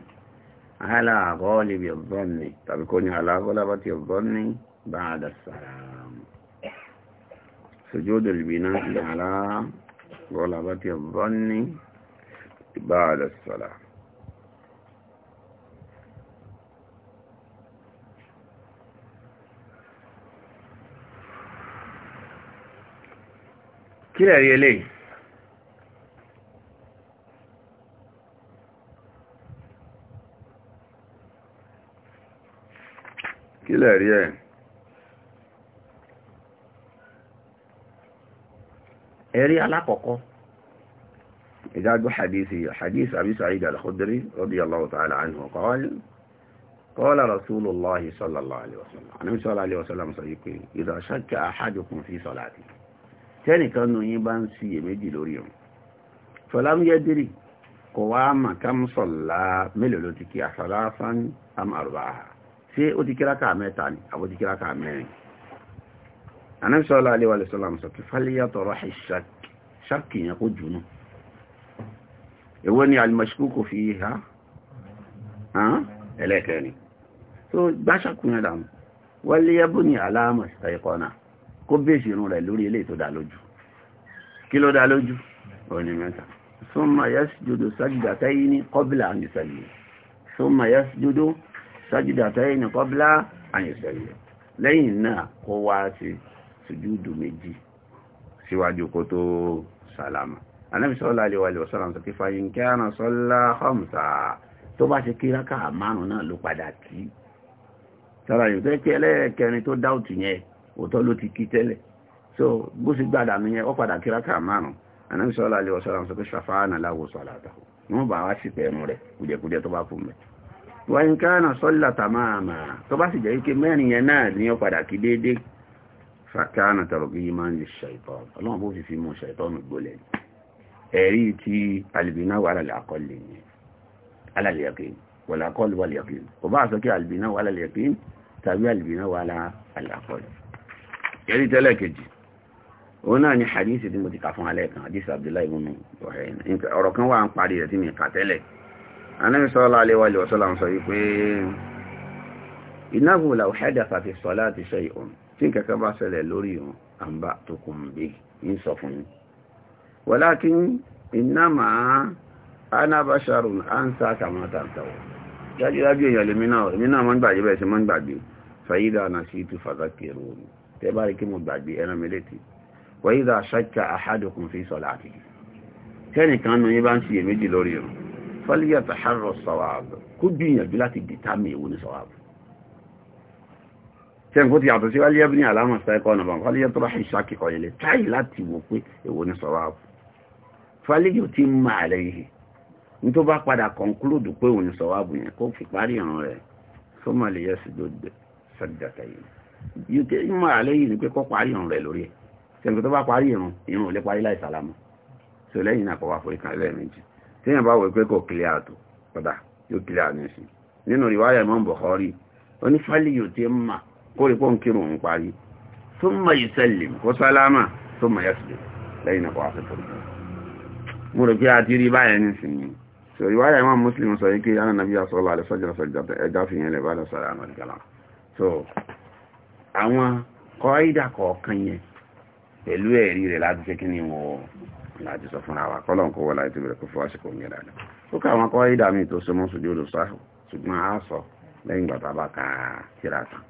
àhálà àgọ́ọ̀lì sojú ó dòlù bì náà ìyàrá gọ́ọ̀lá bá ti ọ̀bọ́ọ̀nì بعد الصلاة كلا ريالي كلا ريالي ẹ̀rí alákọ̀ọ́kọ́ إذا حديثي حديث أبي سعيد الخدري رضي الله تعالى عنه قال قال رسول الله صلى الله عليه وسلم أنا صلى الله عليه وسلم صديقي إذا شك أحدكم في صلاته تاني كانوا يبان سيمدي لوريهم فلم يدري قوام كم صلى ملو لتكي ثلاثا أم أربعة في أتكرا كامتان أو أتكرا كامتان أنا صلى الله عليه وسلم صديقي فليطرح الشك شك يقول جنوب èwo ni alìmọ̀ṣíkúkò fi ha ẹlẹ́kẹ̀ẹ́ni tó gbáṣàkúnyẹ̀ dàmù wọ́lé ẹbú ni aláàmọ̀ ṣẹ̀kọ́nà kó bèèṣì irun rẹ̀ lórí ilé tó dá lójú kí ló dá lójú òní mẹ́ta súnmọ̀ yẹ́sìdòdó sájìdàtẹ́yìn ní kọ́bílà àyẹ̀sẹ̀lẹ̀ súnmọ̀ yẹ́sìdòdó sájìdàtẹ́yìn ní kọ́bílà àyẹ̀sẹ̀lẹ̀ lẹ́yìn náà kó wá sí sùjúdù méjì síwájú kó tó sàlámà anábì sallallahu alaihi wa sallam sọ pé fàyín kí àrùn sọ́lá ọ̀mùsà tó bá ṣe kí rákà márùn náà ló padà kí sára yìí tó kí ẹlẹ́ẹ̀kẹrin tó dáùtù yẹn òótọ́ ló ti kí tẹ́lẹ̀ so bó sì gbàdà mi yẹn ó padà kí rákà márùn anábì sallallahu alaihi wa sallam sọ pé ṣàfáànà láwo sọ̀lá àtàwọn wọn bá wá sí pẹ̀rún rẹ̀ kùjẹ̀kùjẹ̀ tó bá fún mẹ́ wọ́n ká náà sọ́lá tàmáàmà tó bá sì jẹ́ ike mẹ́rin yẹn náà ní ọ̀padà kí déédéé fàkánà tàbí yìí máa ń lè ṣàìtọ́ fi fi mú ṣàìtọ́ ni ẹ̀rí ti albina wà alàlẹ́kọ́lẹ̀ ni alàlẹ́yàkín wàlàkọ́lù wà lẹ́yàkín kò bá sọ kí albina wà alàlẹ́yàkín tàbí albina wà alàkọ́lẹ̀ ẹ̀rí tẹ́lẹ̀ kejì òun náà ni hadithi tí mo ti kà fún alẹ́ kan hadith abdullahi ibn ọ̀hẹ́n ọ̀rọ̀ kan wà ń parí rẹ̀ tí mi kà tẹ́lẹ̀ anábi sallallahu alaihi wa sallam sọ wípé innahu law hadatha fi salati shay'un tí nǹkan bá ṣẹlẹ̀ lórí wọn àǹbá tó kùn bí ń sọ fún yín walakin innama ana basharun ansa kama tantawo dájúdájú èèyàn lè mínà ìmínà mọ́ ń gbàgbé bẹ́ẹ̀ sí mọ́ ń gbàgbé fàyídà na sí ìtù fàzákìrò tẹ́ bá rí kí mo gbàgbé ẹran mẹ́lẹ́tì wàyídà ṣákà àhádùkùn fi sọ̀lá àti tẹ́nìkan nù yí bá ń ṣiyè méjì lórí rẹ̀ fọ́líyà tàhárọ̀ sọ̀wàbù kó gbìyànjú láti dìtámì èwo ní sọ̀wàbù tẹ́n kó ti yàtọ̀ sí wálé ẹbí ní àlámọ̀ sẹ́kọ̀ọ́ fàlejò ti ń ma rẹ̀ yìí ní tó bá padà conclude pé òun sọ wá bùyàn kó fi parí ọ̀ràn rẹ̀ tó máa lè yẹ́sì ló dé sọ́dọ̀tà yìí yìí tẹ́ ń ma rẹ̀ yìí ni pé kó parí ọ̀ràn rẹ̀ lórí ẹ̀ sẹ́mi tó bá parí ìrun ìrun ò lè parí láì sàlámù so lẹ́yìn náà kó wá forí kan lẹ́ẹ̀mejì téèyàn bá wọ̀ pé kò kílẹ̀ àtò padà yóò kílẹ̀ àníṣe nínú ìwáyà Imam Bukhari onífàlejò ti ń ma kó rí pọ́n kírun òun parí thumma yusallim kó sálámà lẹ́yìn náà kó wá forí kan mo rò pé a ti rí báyẹn nísìnyí so ìwádìí àwọn muslim sọ yìí kí àwọn nàbí àsọ́lá àlẹ́sọ́jọ́ sọ́jọ́ ẹja fi yẹn lè bá lọ́sọ̀rọ̀ àwọn ìgbàlá so àwọn kọ́ídà kọ̀ọ̀kan yẹn pẹ̀lú ẹ̀rí rẹ̀ láti ṣe kí ni wọ́ láti sọ fúnra wa kọ́lọ̀ kó wọ́n láti bẹ̀rẹ̀ kó fọ́ àsìkò yẹn dáadáa ó ká àwọn kọ́ídà mi tó sọmọ́ sójú odò sáà ṣùgbọ́n a sọ lẹ́yìn ìgbà tá a bá ka kíra tán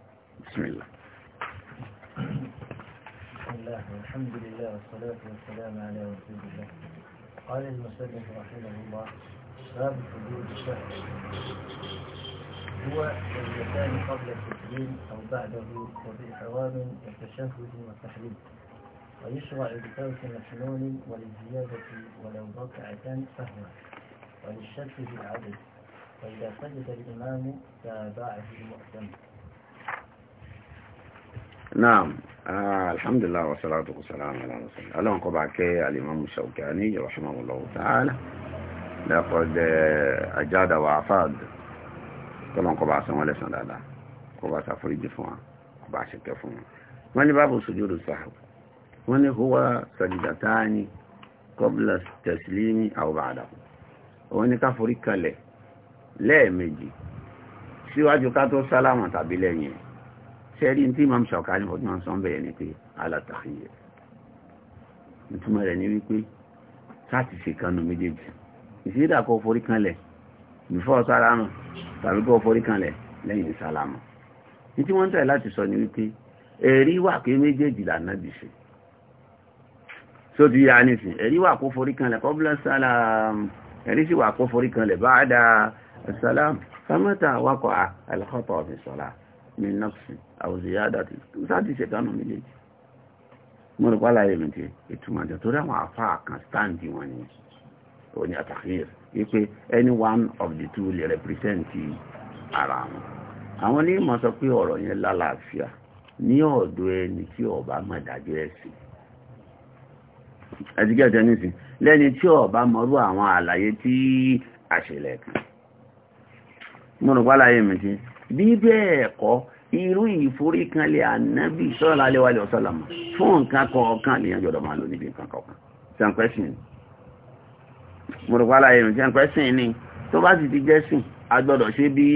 bismillah. Alhamdulillah, wassalatu wassalamu ala rasulillah. قال المسلم رحمه الله باب حدود الشهر هو الزكاة قبل التسليم أو بعده وفي حرام التشهد والتحريم ويشرع بترك مسنون وللزيادة ولو ركعة فهو وللشك في العدد فإذا سجد الإمام تابعه المؤتمر naam ah, alhamdulillah wa salatu wa salam ala rasul alon ko ba ke al-imam shawkani rahimahullah ta'ala laqad eh, ajada wa afad tolon ko ba san wale san dada ko ba sa foriji fún wa ko ba se ke fún wa wani babu sujudu sahw wani huwa sajdatani qabla taslimi aw ba'dahu wani ka forí kalẹ̀ lẹ́ẹ̀mejì síwájú ká tó sálámà tàbí lẹ́yìn ṣẹ́rí tí imam ṣàkàní ọdún máa ń sọ ń bẹ̀rẹ̀ ni pé alátàkìyẹ ìtumọ̀ rẹ̀ ni wípé láti ṣe kanu méjèèjì ìṣẹ́dà kọ́ forí kanlẹ̀ bífọ́ sálámù tàbí kọ́ forí kanlẹ̀ lẹ́yìn sálámù ní tí wọ́n ń tẹ̀ láti sọ ni wípé ẹ̀rí wà pé méjèèjì lànà bì tó ti yá nísìn ẹ̀rí wà kó forí kanlẹ̀ kọ́bílẹ̀ sálámù ẹ̀rí sì wà kó forí kanlẹ̀ báadà sálámù sámẹ́ta wakọ̀ àlùkọ́tọ̀ ọ̀fìn sọ̀lá min nafsi aw ziyadati sáàtì ṣẹ̀tánù méjèèjì mo rò pálá èmi tí ìtumọ̀ àjọ tó dáwọn afá kan stáǹdì wọn ni òní àtàkìyèsí wípé any one of the two lè represent ara wọn àwọn ní ìmọ̀ sọ pé ọ̀rọ̀ yẹn lálàáfíà ní ọ̀dọ̀ ẹni tí ọba mọ̀ dájú ẹ̀sìn ẹ̀sìnkẹ́ ọ̀tẹ́ nísìn lẹ́ni tí ọba mọ̀rú àwọn àlàyé tí àṣẹlẹ̀ kan mo rò pálá èmi tí bí bẹ́ẹ̀ kọ́ irú ìforíkanlẹ̀ ànábì sọ́lá aléwálé ọ̀sọ́lámà fún nǹkan kọ̀ọ̀kan lèyàn jọ̀dọ̀ máa lò níbi nǹkan kọ̀ọ̀kan sẹ́ǹkwẹ́sìn mọ̀rọ̀pálá ẹ̀rùn sẹ́ǹkwẹ́sìn ni tó bá sì ti jẹ́ sìn agbọ́dọ̀ ṣe bí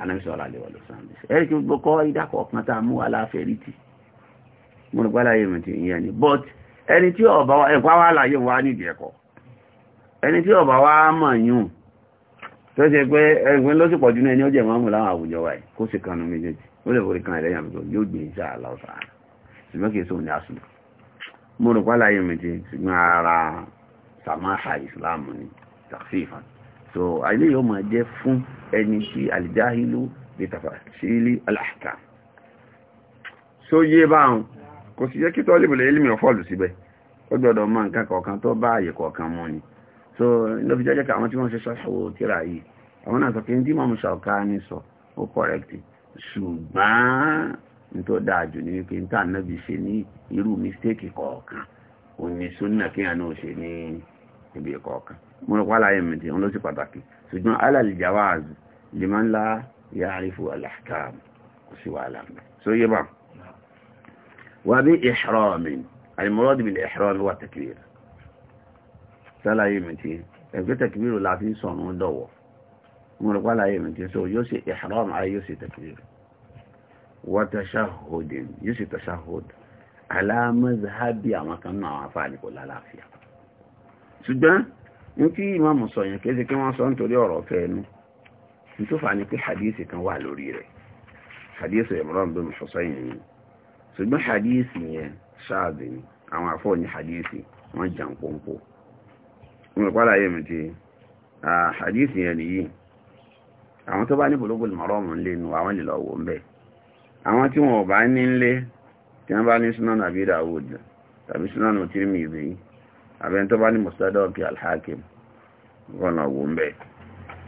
ànábì sọ́lá aléwálé ọ̀sọ́lámà kí gbogbo ìdákọ̀ọ̀kan tá wa láyé tó ṣe pé ẹgbẹ́ lọ́sí pọ̀jù náà ni ó jẹ́ mọ́mù láwọn àwùjọ wa kó sì kanú méjèèjì ó lè forí kan ẹ̀lẹ́yìn àbúkọ yóò gbé iṣẹ́ àlọ́sà ṣùgbọ́n kìí sóhun ní asùn mo rò pálá yìí mi ṣùgbọ́n ara samaha islam ni tafsifan so ayé yóò máa jẹ́ fún ẹni tí alìjáhìlú bí tafsili aláàkà so yé báwọn kò sì yẹ kí tọ́lébùlẹ̀ ilmi ọ̀fọ́ọ̀lù síbẹ̀ ó gbọ́dọ̀ mọ nǹkan kọ̀ọ̀kan tó bá àyè kọ̀ọ̀kan mú ni so ló fi jẹ́jẹ́ káwọn tí wọ́n ṣe sọ́ṣọ́ tíra yìí àwọn náà sọ pé tí mọ̀mú ṣọ̀ká ní sọ ó kọ̀rẹ́kì ṣùgbọ́n ní tó dáa jù ní wípé níta náàbì ṣe ní irú mistéèkì kọ̀ọ̀kan ò ní súnà kí àná ò ṣe ní ibi kọ̀ọ̀kan mo rò wá láyé mìtì òun ló sì pàtàkì ṣùgbọ́n alàlì jawaz liman la kò sí wàhálà so yé bá wà bí ihramin al-murad sálàyé mi tí ẹgbẹ́ tẹ̀kìbìrù la fi sọ̀rún dọ̀wọ̀ mo rẹ̀ pàlàyé mi tí so yóò ṣe ihram ayé yóò ṣe tẹ̀kìbìrù wa tashahhudin yóò ṣe tashahhud ala mazhabi àwọn kan náà àfáàní kò lálàáfíà ṣùgbọ́n ní kí ìmáàmù sọ yẹn kéde kí wọ́n sọ nítorí ọ̀rọ̀ fẹ́ẹ́nu nítòfà ni pé hadith kan wà ni àwọn afọ́ ni hadith wọ́n jà pọ́npọ́ mo pàdà yẹ mi ti àdísì yẹn nìyí àwọn tó bá ní bòlóbòlì mọ́rọ́mù ń lé nu àwọn lè lọ wò ń bẹ̀ àwọn tí wọn ò bá ní ńlé tí wọn bá ní sunan Abi Dawud tàbí sunan Tirmidhi àbẹ́ni tó bá ní mustadrak al wọn lọ ń bẹ̀.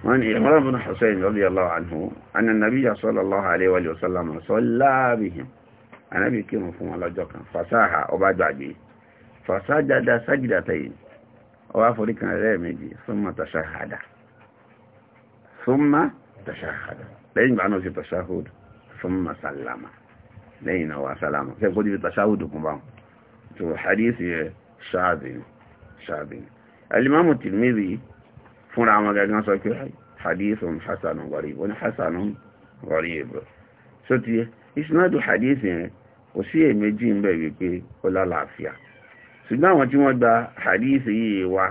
وعن عمران بن حسين رضي الله عنه أن النبي صلى الله عليه وآله وسلم صلى بهم أنا بكيهم فهم الله جوكا فساها أبا سجدتين ó wá forí kan lẹ́ẹ̀mejì súnmọ́ tàṣáhàdà súnmọ́ tàṣáhàdà lẹ́yìn ìgbà náà sí tàṣáhùdù súnmọ́ sàlámà lẹ́yìn náà wà sàlámà ṣe kó díbi tàṣáhùdù kún bá tó hadith yẹ ṣáàbìn ṣáàbìn alimamu Tirmidhi fúnra àwọn gangan sọ pé hadithun hasanun gharib wọn hasanun gharib so ti isnadu hadith yẹn kò sí èméjì ń bẹ̀ wípé ó lálàáfíà ṣùgbọ́n àwọn tí wọ́n gba hadisi yìí wá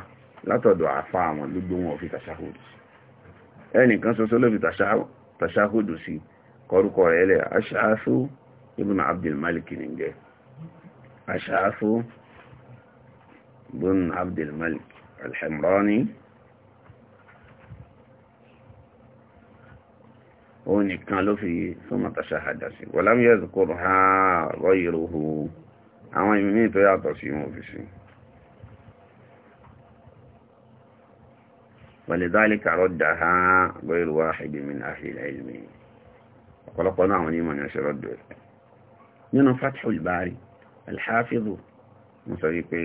látọ̀dọ̀ àfá àwọn gbogbo wọn fi tàṣáhùdù ẹnìkan ṣoṣo ló fi tàṣáhùdù sí kọrúkọ rẹ̀ lẹ̀ aṣááṣú ibn abdulmalik ní jẹ́ aṣááṣú ibn abdulmalik alhamrani òun nìkan ló fi súnmọ̀ tàṣáhàdà sí wọ́n lámúyẹ́ zùkúrù ha rọ́yìrùhù àwọn ìmí tó yàtọ̀ sí wọn fi sí ولذلك ردها غير واحد من أهل العلم ọ̀pọ̀lọpọ̀ náà àwọn onímọ̀ ni a ṣe rọ́dọ̀ ẹ̀ nínú Fathul Bari alhafizu mo sọ wípé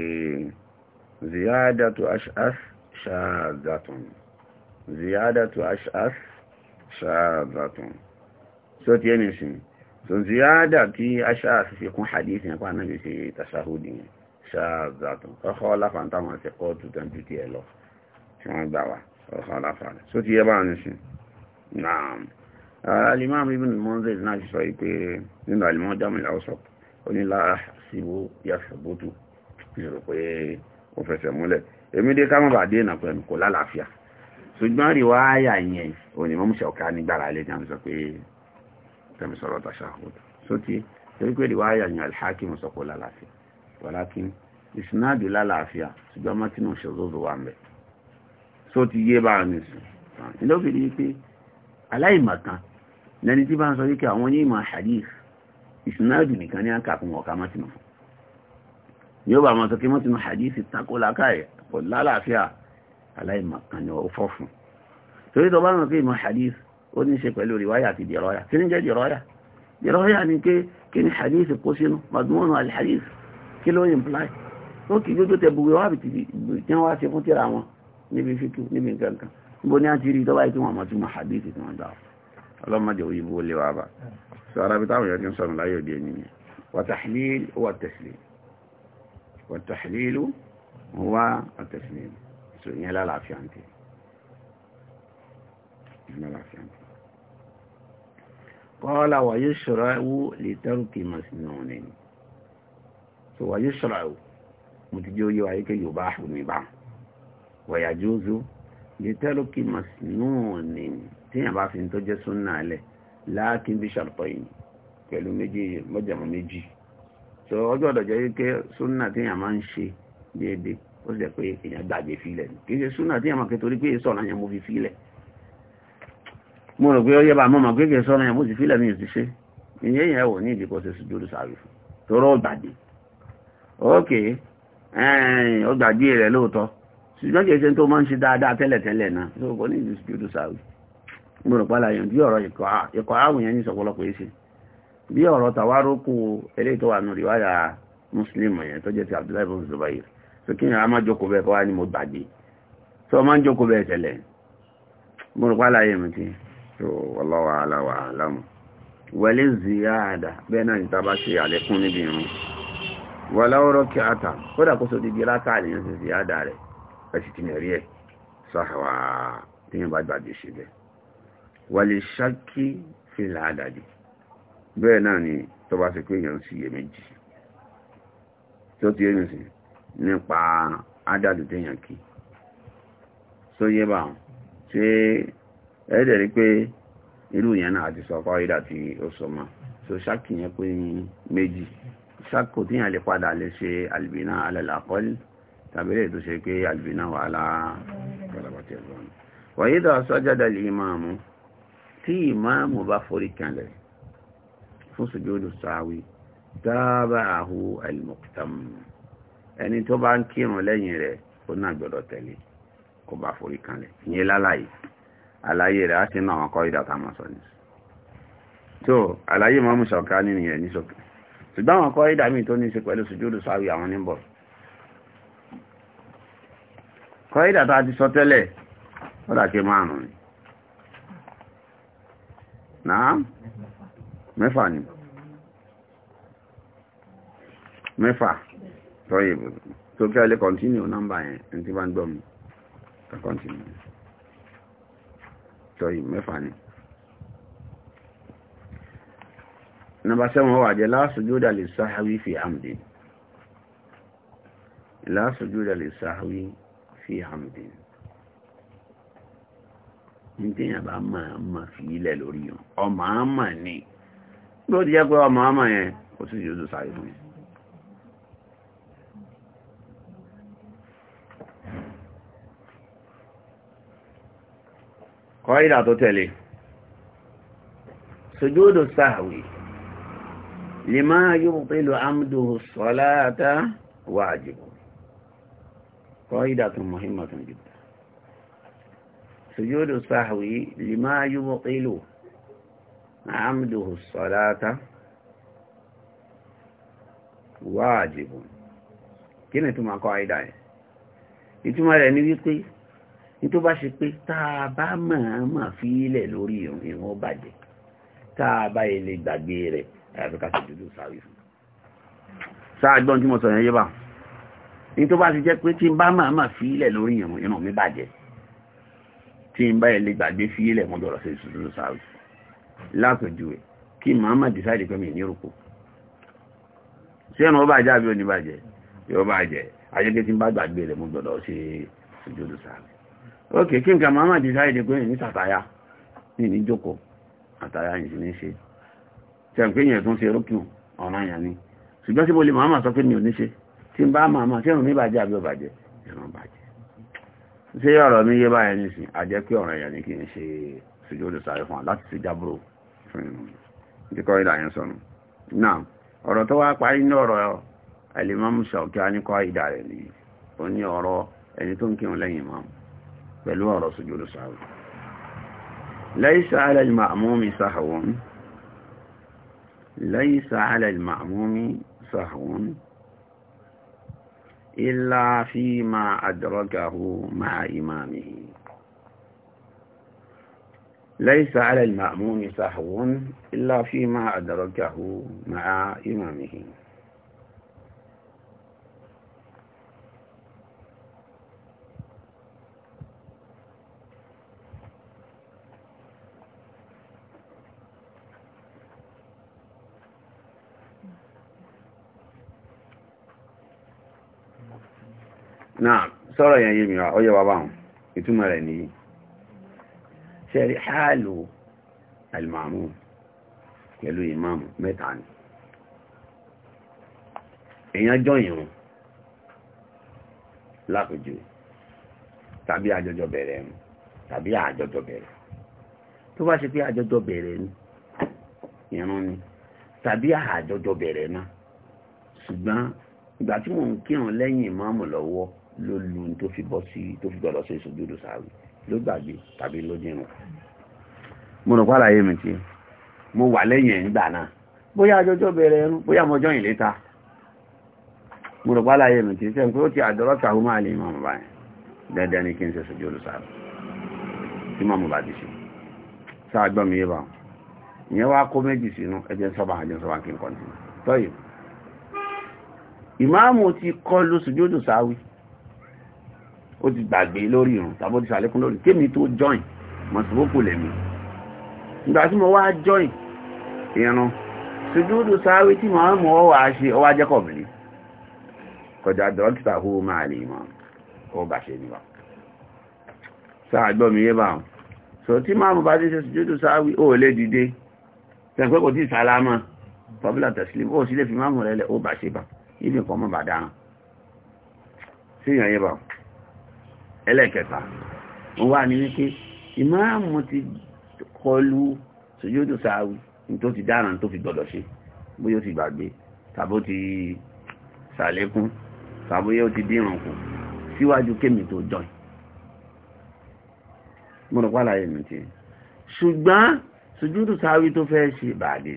ziyadatu ash'as ṣáàzàtún ziyadatu ash'as ṣáàzàtún tí ó ti ẹni sin so ziyada tí a ṣáà sì fi kún hadith yẹn pàánà bí ṣe tàṣáhùdì yẹn ṣáà zàtún ọkọ̀ ọláfà táwọn ṣe kọ́ tuntun ju ti ẹ̀ lọ tí wọ́n gbà wá ọkọ̀ ọláfà rẹ̀ so ti yẹ bá ní sùn naam alimam ibn munzir náà ti sọ pé nínú alimọ́ dámìlà ọ̀sọ̀ onílà síbó yasọ̀bótù mi rò pé ó fẹsẹ̀ múlẹ̀ èmi dé ká má dé ìnà pẹ̀lú kò lálàáfíà ṣùgbọ́n rìwáyà yẹn òní mọ́mùsẹ̀ ọ̀ká nígbàrá ilé jàǹsọ̀ pé tẹ̀mí sọ̀rọ̀ tashahud sóti torí pé ìwà àyàyàn alhakim sọ pé lálàáfíà wàlákin ìsinádìí lálàáfíà ṣùgbọ́n mọ́tínú ṣòzòzò wà mẹ́ sóti yé bá a nìsín ìlọ́fìdí pé aláìmọ̀kan lẹni tí bá ń sọ wípé àwọn onímọ̀ hadith ìsinádìí nìkan ní àkàkùn ọ̀ka mọ́tínú fún yóò bá mọ́ sọ kí mọ́tínú hadith takó lákàyè pọ̀ lálàáfíà aláìmọ̀kan ni ó fọ́ fún torí tó bá ń sọ pé ìmọ̀ hadith ó ní ṣe pẹ̀lú rìwáyà àti dìrọ́yà kí ní jẹ́ dìrọ́yà dìrọ́yà ni pé kí ní hadith kó sínú madmunu alhadith kí ló imply ó kì í jójó tẹ bùgbé wá bìtì tí wọ́n wá ṣe fún tíra wọn níbi fíkú níbi nǹkan kan níbo ní àti rí tó báyìí tí wọ́n mọ̀ tí mo hadith tí wọ́n gbà ọlọ́mọdé òyìnbó lè wá bá sọ ara bí táwọn èèyàn ń sọnù láyé òde ẹni yẹn wàtàhlíl ó wà wà tẹ̀sílẹ̀ قال ويشرع لترك مسنون سو ويشرع متجوي وعيك يباح مباح ويجوز لترك مسنون تين بقى في انتوجة سنة عليه لكن بشرطين pẹ̀lú méjì mọ́jàmọ́ méjì so ọjọ́ ọ̀dọ̀jọ́ yìí pé súnà tí èèyàn máa ń ṣe déédéé ó sì jẹ́ pé èèyàn gbàgbé fílẹ̀ kì í ṣe súnà tí èèyàn máa ké torí pé èso ọ̀nà yẹn mo fi fílẹ̀ mo rò pé ó yẹ bá mọ́mọ́ pé kìí sọ́nà yẹn bó ti fílẹ̀ mi ò ti ṣe ìyẹn yẹn wò ní ìdíkọ̀ ṣe sùjúdù sàárì fún torọ́ ọ̀gbàdì ókè ọ̀gbàdì rẹ̀ lóòótọ́ ṣùgbọ́n kìí ṣe tó máa ń ṣe dáadáa tẹ́lẹ̀ tẹ́lẹ̀ náà tó kọ́ ní ìdí sùjúdù sàárì mo rò pàlà yẹn bí ọ̀rọ̀ ikọ̀ ààrùn yẹn ní sọ̀pọ̀lọpọ̀ yìí ṣe bí ọ̀rọ̀ tàwárókù eléyìí tó wà ni a máa jókòó bẹ́ẹ̀ kọ́ wá ní mo gbàgbé so wallahu ala wa alam wẹ̀lẹ́ bẹ́ẹ̀ náà níta bá ṣe àlékún níbi irun walau rak'ata kódà kó so di bí látà nìyẹn ti rẹ̀ ẹ̀sì ẹ̀ sọ́hàwà tí ṣe bẹ́ẹ̀ ẹ̀ẹ́dẹ̀ rí pé irú yẹn náà àti sọ̀pá ìdá tí ó sọ ma so ṣáàkì yẹn pé méjì ṣáàkò tí yẹn lè padà lè ṣe albina alẹ́làkọ́lì tàbí lè tó ṣe pé albina wà láàpọ̀lọpọ̀tẹ̀ lọ́nà wọ̀nyí dà sọ́jọ́dà lè máa mú tí ìmáàmù bá forí kanlẹ̀ fún sùjúdù sáwí dáàbà àhú àlùmọ̀kítàmù ẹni tó bá ń kírun lẹ́yìn rẹ̀ ó náà gbọ́dọ̀ tẹ̀lé kó bá forí kanlẹ̀ ìyẹn lálàyé àlàyé rẹ̀ á ti náà kọ́ ìdàtà mọ̀sọ̀ ní tó àlàyé mọ́mú ṣọ̀ká nínú ẹ̀ ní ṣọ̀ká ṣùgbọ́n àwọn kọ́ ìdàmí tó ní ṣe pẹ̀lú sùjúdù sáwì àwọn níbọ̀ kọ́ ìdàtà ti sọ tẹ́lẹ̀ ó dà pé márùn ni náà mẹ́fà ni mẹ́fà tọ́yẹ̀ tó kẹ́ ẹ lè kọ́ntínú nọ́mbà yẹn ní tí bá gbọ́ mi kọ́ntínú sorry mẹ́fà ni number seven wà jẹ́ la sujuda li sahwi fi hamdin la sujuda li sahwi fi hamdin ní tí yàn bá máa ma fi ilẹ̀ lórí yàn ọmọ àmà ni ló ti jẹ́ pé ọmọ àmà yẹn kò sí jùlọ sáré fún yẹn قائلة تتلي سجود السهو لما يبطل عمده الصلاة واجب قائلة مهمة جدا سجود السهو لما يبطل عمده الصلاة واجب كنت مع قائلة إتمالي نبطي tó bá ṣe pé tá a bá mọ̀ọ́mọ̀ fi ilẹ̀ lórí ìwọ̀n bàjẹ́ tá a bá ilé gbàgbé rẹ̀ àyàfi ká ṣe dúdú sáré fún sáàgbọ́n tí mo sọ yẹn yébà ní tó bá ti jẹ́ pé tí n bá mọ̀ọ́mọ̀ fi ilẹ̀ lórí ìwọ̀n mi bàjẹ́ tí n bá ilé gbàgbé fi ilẹ̀ mọ́ dọ̀rọ̀ sí dúdú sáré lápèjúwe kí màmá decide pé mi ní rúkú ṣé ẹnu ọba àjẹ́ àbí oníbàjẹ́ yóò bàjẹ́ àjẹ́gẹ́ tí n bá gbàgbé ókè kí nǹkan máa máa dìsáìdì pé ní sàtàyà ní ní jókòó àtàyà yìí ní ṣe tẹ́ pé yẹn tún ṣe rókùn ọ̀nà yẹn ni ṣùgbọ́n sí mo lè máa sọ pé mi ò ní ṣe tí n bá máa máa ṣẹ́rùn mi bàjẹ́ àbí ọ̀bàjẹ́ ẹ̀rọ bàjẹ́ ṣé ọ̀rọ̀ mi yé báyẹn nísìn àjẹ́ pé ọ̀rọ̀ yẹn ni kì í ṣe ṣùgbọ́n olùsàrẹ̀ fún wa láti ṣe jábúrò fún ìdíkọ́ ìlà yẹn sọnù náà ọ̀rọ̀ tó wá parí ní ọ̀rọ̀ ẹ̀lẹ́mọ́mùsọ̀ kí a ní kọ́ ìdà rẹ̀ nìyí ó ní ọ̀rọ̀ ẹni tó ń kírun lẹ́yìn máa بل هو سجود سهو ليس على المأموم سهو ليس على المأموم سهو إلا فيما أدركه مع إمامه ليس على المأموم سهو إلا فيما أدركه مع إمامه sọ́rọ̀ yẹn yé mi wá ọyẹ wa báwọn ìtumọ̀ rẹ̀ nìyí ṣẹ́rí hálù alìmọ̀mù pẹ̀lú ìmáàmù mẹ́ta ni èèyàn jọ ìrun lápèjì tàbí àjọjọ bẹ̀rẹ̀ mu tàbí àjọjọ bẹ̀rẹ̀ tó bá ṣe pé àjọjọ bẹ̀rẹ̀ ni ìrun ni tàbí àjọjọ bẹ̀rẹ̀ náà ṣùgbọ́n ìgbà tí mò ń kírun lẹ́yìn ìmáàmù lọ́wọ́ ló lu tó fi bọ́ sí tó fi gbọ́dọ̀ sí ìṣòjúdù sáré ló gbàgbé tàbí ló dìrùn mo rò pàlàyé mi ti mo wà lẹ́yìn ẹ̀ nígbà náà bóyá ajọjọ́ bẹ̀rẹ̀ ẹrú bóyá mọjọ́ yìí léta mo rò pàlàyé mi ti sẹ́yìn pé ó ti àdọ́rọ́ tàbí máa lè mọ̀ mọ̀ báyìí dandan ni kí n ṣe ìṣòjúdù sáré tí mọ̀ mọ̀ bá ti ṣe sáà gbọ́ mi yé bá ìyẹn wá kó méjì sínú ẹjẹ́ sọ́bà ẹjẹ́ sọ́bà kí n kọ́ntínú tọ́yì ìmáàmù ti kọ́ lóṣùjúdù sáwí ó ti gbàgbé lórí ìrùn tàbí ó ti ṣàlékún lórí kémi tó join mọ̀sùlùkù lèmi nígbà tí mo wá join ìrùn sùjúdù sáwí tí màá mọ̀ ọ́ wà á ṣe ọwá jẹ́kọ̀ mi kọjá dókítà hó máa lè mọ̀ ọ́ bá ṣe níwá sáà gbọ́ mi yé báwọn so tí máa mọ̀ bá ti ṣe sùjúdù sáwí ó lè dìde tẹ̀pẹ́ kò tí sálámà pọ̀bílà tẹ̀sílẹ̀ ó sì lè fi máa mọ̀ rẹ̀ ó bá ṣe bá ibi nǹkan mọ̀ bá dáhùn ẹlẹ́kẹta wà ní wípé ìmáàmù ti kọlu sojúdù sáàwì tó ti dára tó fi gbọdọ̀ ṣe bóyá ó ti gbàgbé tàbó ti sàlékún tàbóyá ó ti dírun kù síwájú kémi tó jọin mọ́rọ̀ pàlàyé mi ti ṣùgbọ́n sojúdù sáàwì tó fẹ́ ṣe bàdé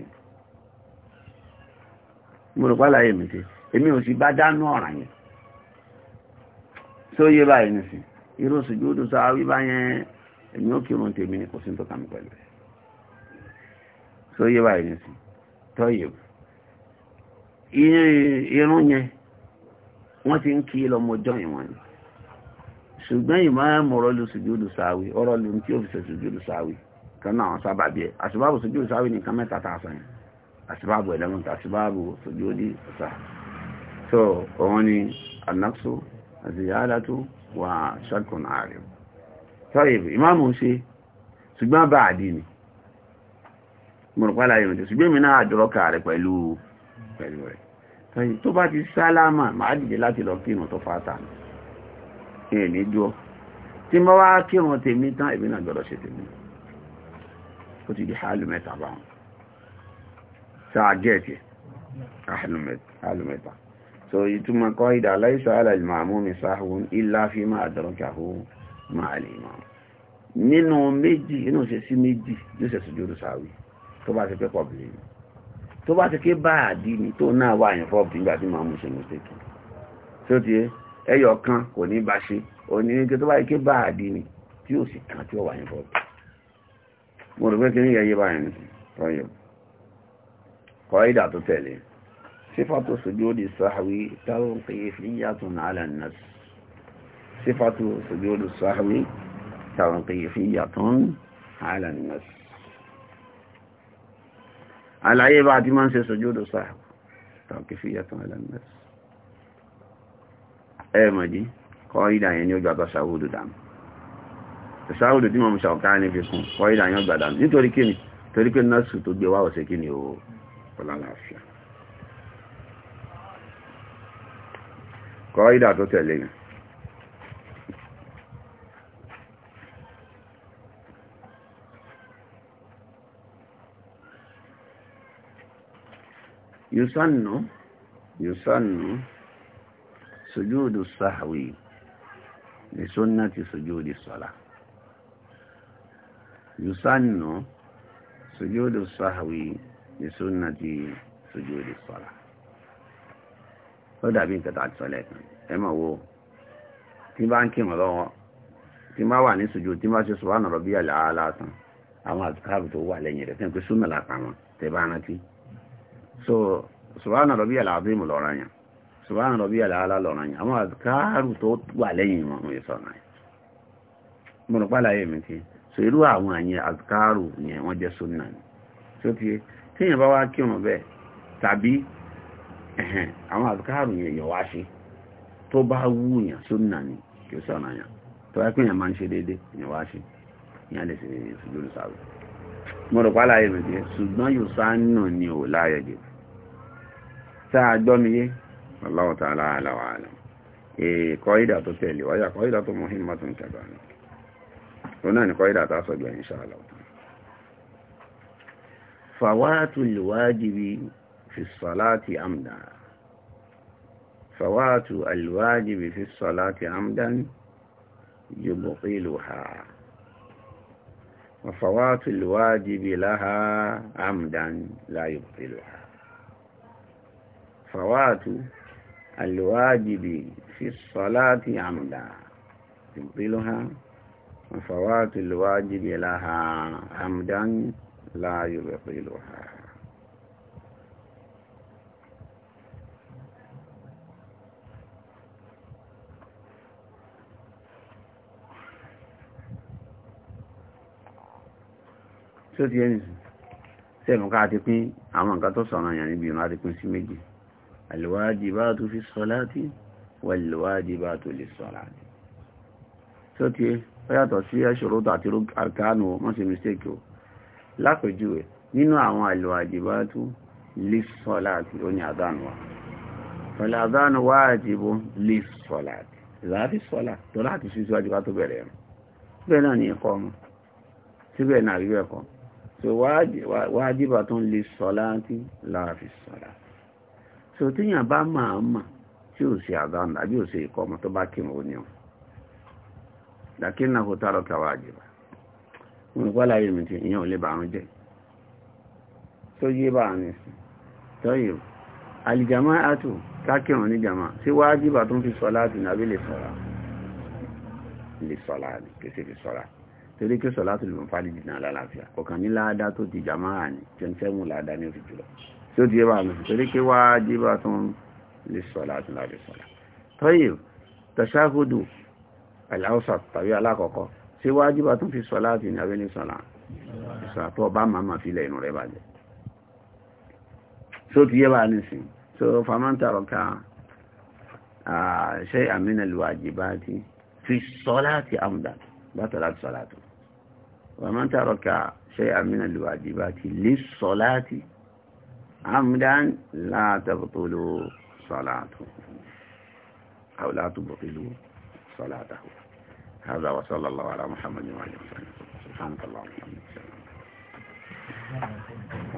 mọ́rọ̀ pàlàyé mi ti èmi ò sì bá dánú ọ̀ràn yẹn sóyé báyìí nìsín irú sùjúdù sáwí bá yẹn èmi ó kírun tèmi kò sí tó kà pẹ̀lú rẹ̀ so yé báyìí nìsí tọ́ yẹ̀ irun yẹn wọ́n ti ń kí lọ́mọjọ́ ìwọ̀n ni ṣùgbọ́n ìmáàmù ọ̀rọ̀ lu sùjúdù sáwí ọ̀rọ̀ lu tí ó fi ṣe sùjúdù sáwí kan náà àwọn sábà bí ẹ àṣìbáàbù sùjúdù sáwí nìkan mẹ́ta tá sàn yẹn àṣìbáàbù ẹ̀lẹ́mọ̀tà sùjúdù sáà so òun ni anaksu àti yàrá tó وشك عارض طيب إمام شيء ṣùgbọ́n bá àdí ni mọ̀rọ̀pálá ìrìnàjò ṣùgbọ́n mi náà àjọ́rọ́kà rẹ̀ pẹ̀lú pẹ̀lú rẹ̀ tó bá ti sálámà máa dìde láti lọ kírun tó fàátà ní ẹ̀ní dúọ́ tí mọ́ wá kírun tèmi tán èmi náà gbọ́dọ̀ ṣe tèmi ó ti di hálù mẹ́ta báwọn sáà jẹ́ hálù mẹ́ta so ìtumọ̀ kọ́ ìdà aláìsọ alàìmọ̀ mi sáhùn ilá fi máa dọ́rọ̀kàhù máa lè mọ̀ nínú méjì inú ṣe sí méjì yóò ṣe sùjúdù sáwì tó bá ti pẹ́ pọ̀bìlì ni tó bá ti ké báàdì ni tó náà wà yẹn fọ́ọ̀bù nígbà tí màá mú ṣe mistake tí ó ti yẹ ẹyọ kan kò ní bá ṣe òní ní tó bá ké báàdì ni tí ó sì kàn tí ó wà yẹn fọ́ọ̀bù mo rò pé kí ní yẹ yé báyẹn nìkan tọ́yọ̀ kọ́ ìdà tó tẹ̀lé صفة سجود السهو تنقيفية على النفس صفة سجود السهو تنقيفية على النفس àlàyé bá ti máa ń ṣe sojúdò sáà tàbí fi yàtọ̀ alẹ́mẹ́sì ẹ̀mọ̀dí kọ́ ìdàyẹn ni ó gbàgbà sàúdù dàmù sàúdù tí mọ̀mù sàúkà ní fi kún kọ́ ìdàyẹn ó gbàdàmù nítorí kíni torí pé nọ́ọ̀sù tó gbé wá ọ̀sẹ̀ kíni ó kọ́lá láàfíà قاعدة تتعلينا يسن يسن سجود السهو لسنة سجود الصلاة يسن سجود السهو لسنة سجود الصلاة ó dàbí nǹkan tá a ti sọ lẹ́ẹ̀kan ẹ mọ̀ wo tí bá ń kírun lọ́wọ́ tí bá wà ní sùjú tí bá ṣe sùwà nọ̀rọ̀ bí àlà aláàtàn àwọn àtúkàbù tó wà lẹ́yìn rẹ̀ fẹ́ pé súnmọ̀ làtàwọn tẹ bá rántí so sùwà nọ̀rọ̀ bí àlà àbímù lọ́ra yàn sùwà nọ̀rọ̀ bí àlà alá lọ́ra yàn àwọn àtúkàbù tó wà lẹ́yìn wọn ò yẹ sọ̀rọ̀ yàn mo rò pàlàyé mi ti so irú àwọn àyẹn àtúkàbù yẹn wọ́n jẹ́ súnmọ̀ ni ẹ̀hẹ̀n àwọn àbíkáàrù èèyàn wá ṣe tó bá wúyàn súnà ni kí ó sọ̀nà yàn tó wáyé pé máa ń ṣe déédéé èèyàn wá ṣe ìyẹn lè sí sáré mo rò pálá ṣùgbọ́n yóò ni ò jù tá a gbọ́ mi yé ta'ala aláwọ̀ àlọ́ èèkọ́ ìdà tó tẹ̀lé wáyà kọ́ ìdà tó mọ̀ hí ń ni náà kọ́ ìdà tá a sọ̀gbẹ̀ في الصلاة عمدا فوات الواجب في الصلاة عمدا يبطلها وفوات الواجب لها عمدا لا يبطلها فوات الواجب في الصلاة عمدا يبطلها وفوات الواجب لها عمدا لا يبطلها tí ó ti yẹ́ nìsìn sẹ́ẹ̀mù ká ti pín àwọn nǹkan tó sọ̀rọ̀ yàn níbi ìrìn àti pín sí méjì al-wajibatu fi salati wal-wajibatu lis-salati tí ó ti yẹ́ ó yàtọ̀ sí ẹ̀ṣọ́rọ́dọ̀ àti arkanu wọ́n ṣe mistake o lápèjúwe nínú àwọn al-wajibatu lis-salati ó ní àdánù wa pẹ̀lú àdánù wajibu lis-salati ìlàáfi sọ́lá tó láti ṣíṣíwájú ká tó bẹ̀rẹ̀ rẹ̀ bẹ́ẹ̀ náà ní ẹ̀kọ́ ọmọ síbẹ̀ náà rí bẹ́ẹ̀ kọ́ so wájíbà tó ń lè sọ́lá tí láàfi sọ́lá so tíyàn bá máa mà tí ò sí àdánù àbí ò sí ikọ̀ ọmọ tó bá kìmọ̀ ó ní ọ làkínà kò tààrọ̀ kà wájíbà wọn gbọ́ láyé mi tí ìyẹn ò lè bàrún jẹ́ tó yé bá ní tọ́yì alìjàmá àtù kákìrùn ní jàmá sí wájíbà tó ń fi sọ́lá àti nàbí lè sọ́lá lè sọ́lá ní kèsì fi sọ́lá torí kí sọ̀lá tó lè mọ̀ fàájì jìnnà lálàáfíà ọ̀kan ní láàdá tó ti jàmáà ní tẹ́ntẹ́mù láàdá ní òfin jùlọ tí ó ti yé bá mi torí kí wá jíbá tó ń lè sọ̀lá tó láàdá sọ̀lá. tọ́yì tẹ̀sáhùdù aláwùsà tàbí alákọ̀ọ́kọ́ ṣé wá jíbá tó fi sọ̀lá tó ní abẹ́ni sọ̀lá ìsọ̀lá ọba máa filẹ̀ inú rẹ̀ bàjẹ́. tó ti yé bá mi sìn tó famanta ọ̀ka ṣé àmì ومن ترك شيئا من الواجبات للصلاة عمدا لا تبطل صلاته أو لا تبطل صلاته هذا وصلى الله على محمد وعلى آله وسلم سبحانك اللهم وبحمدك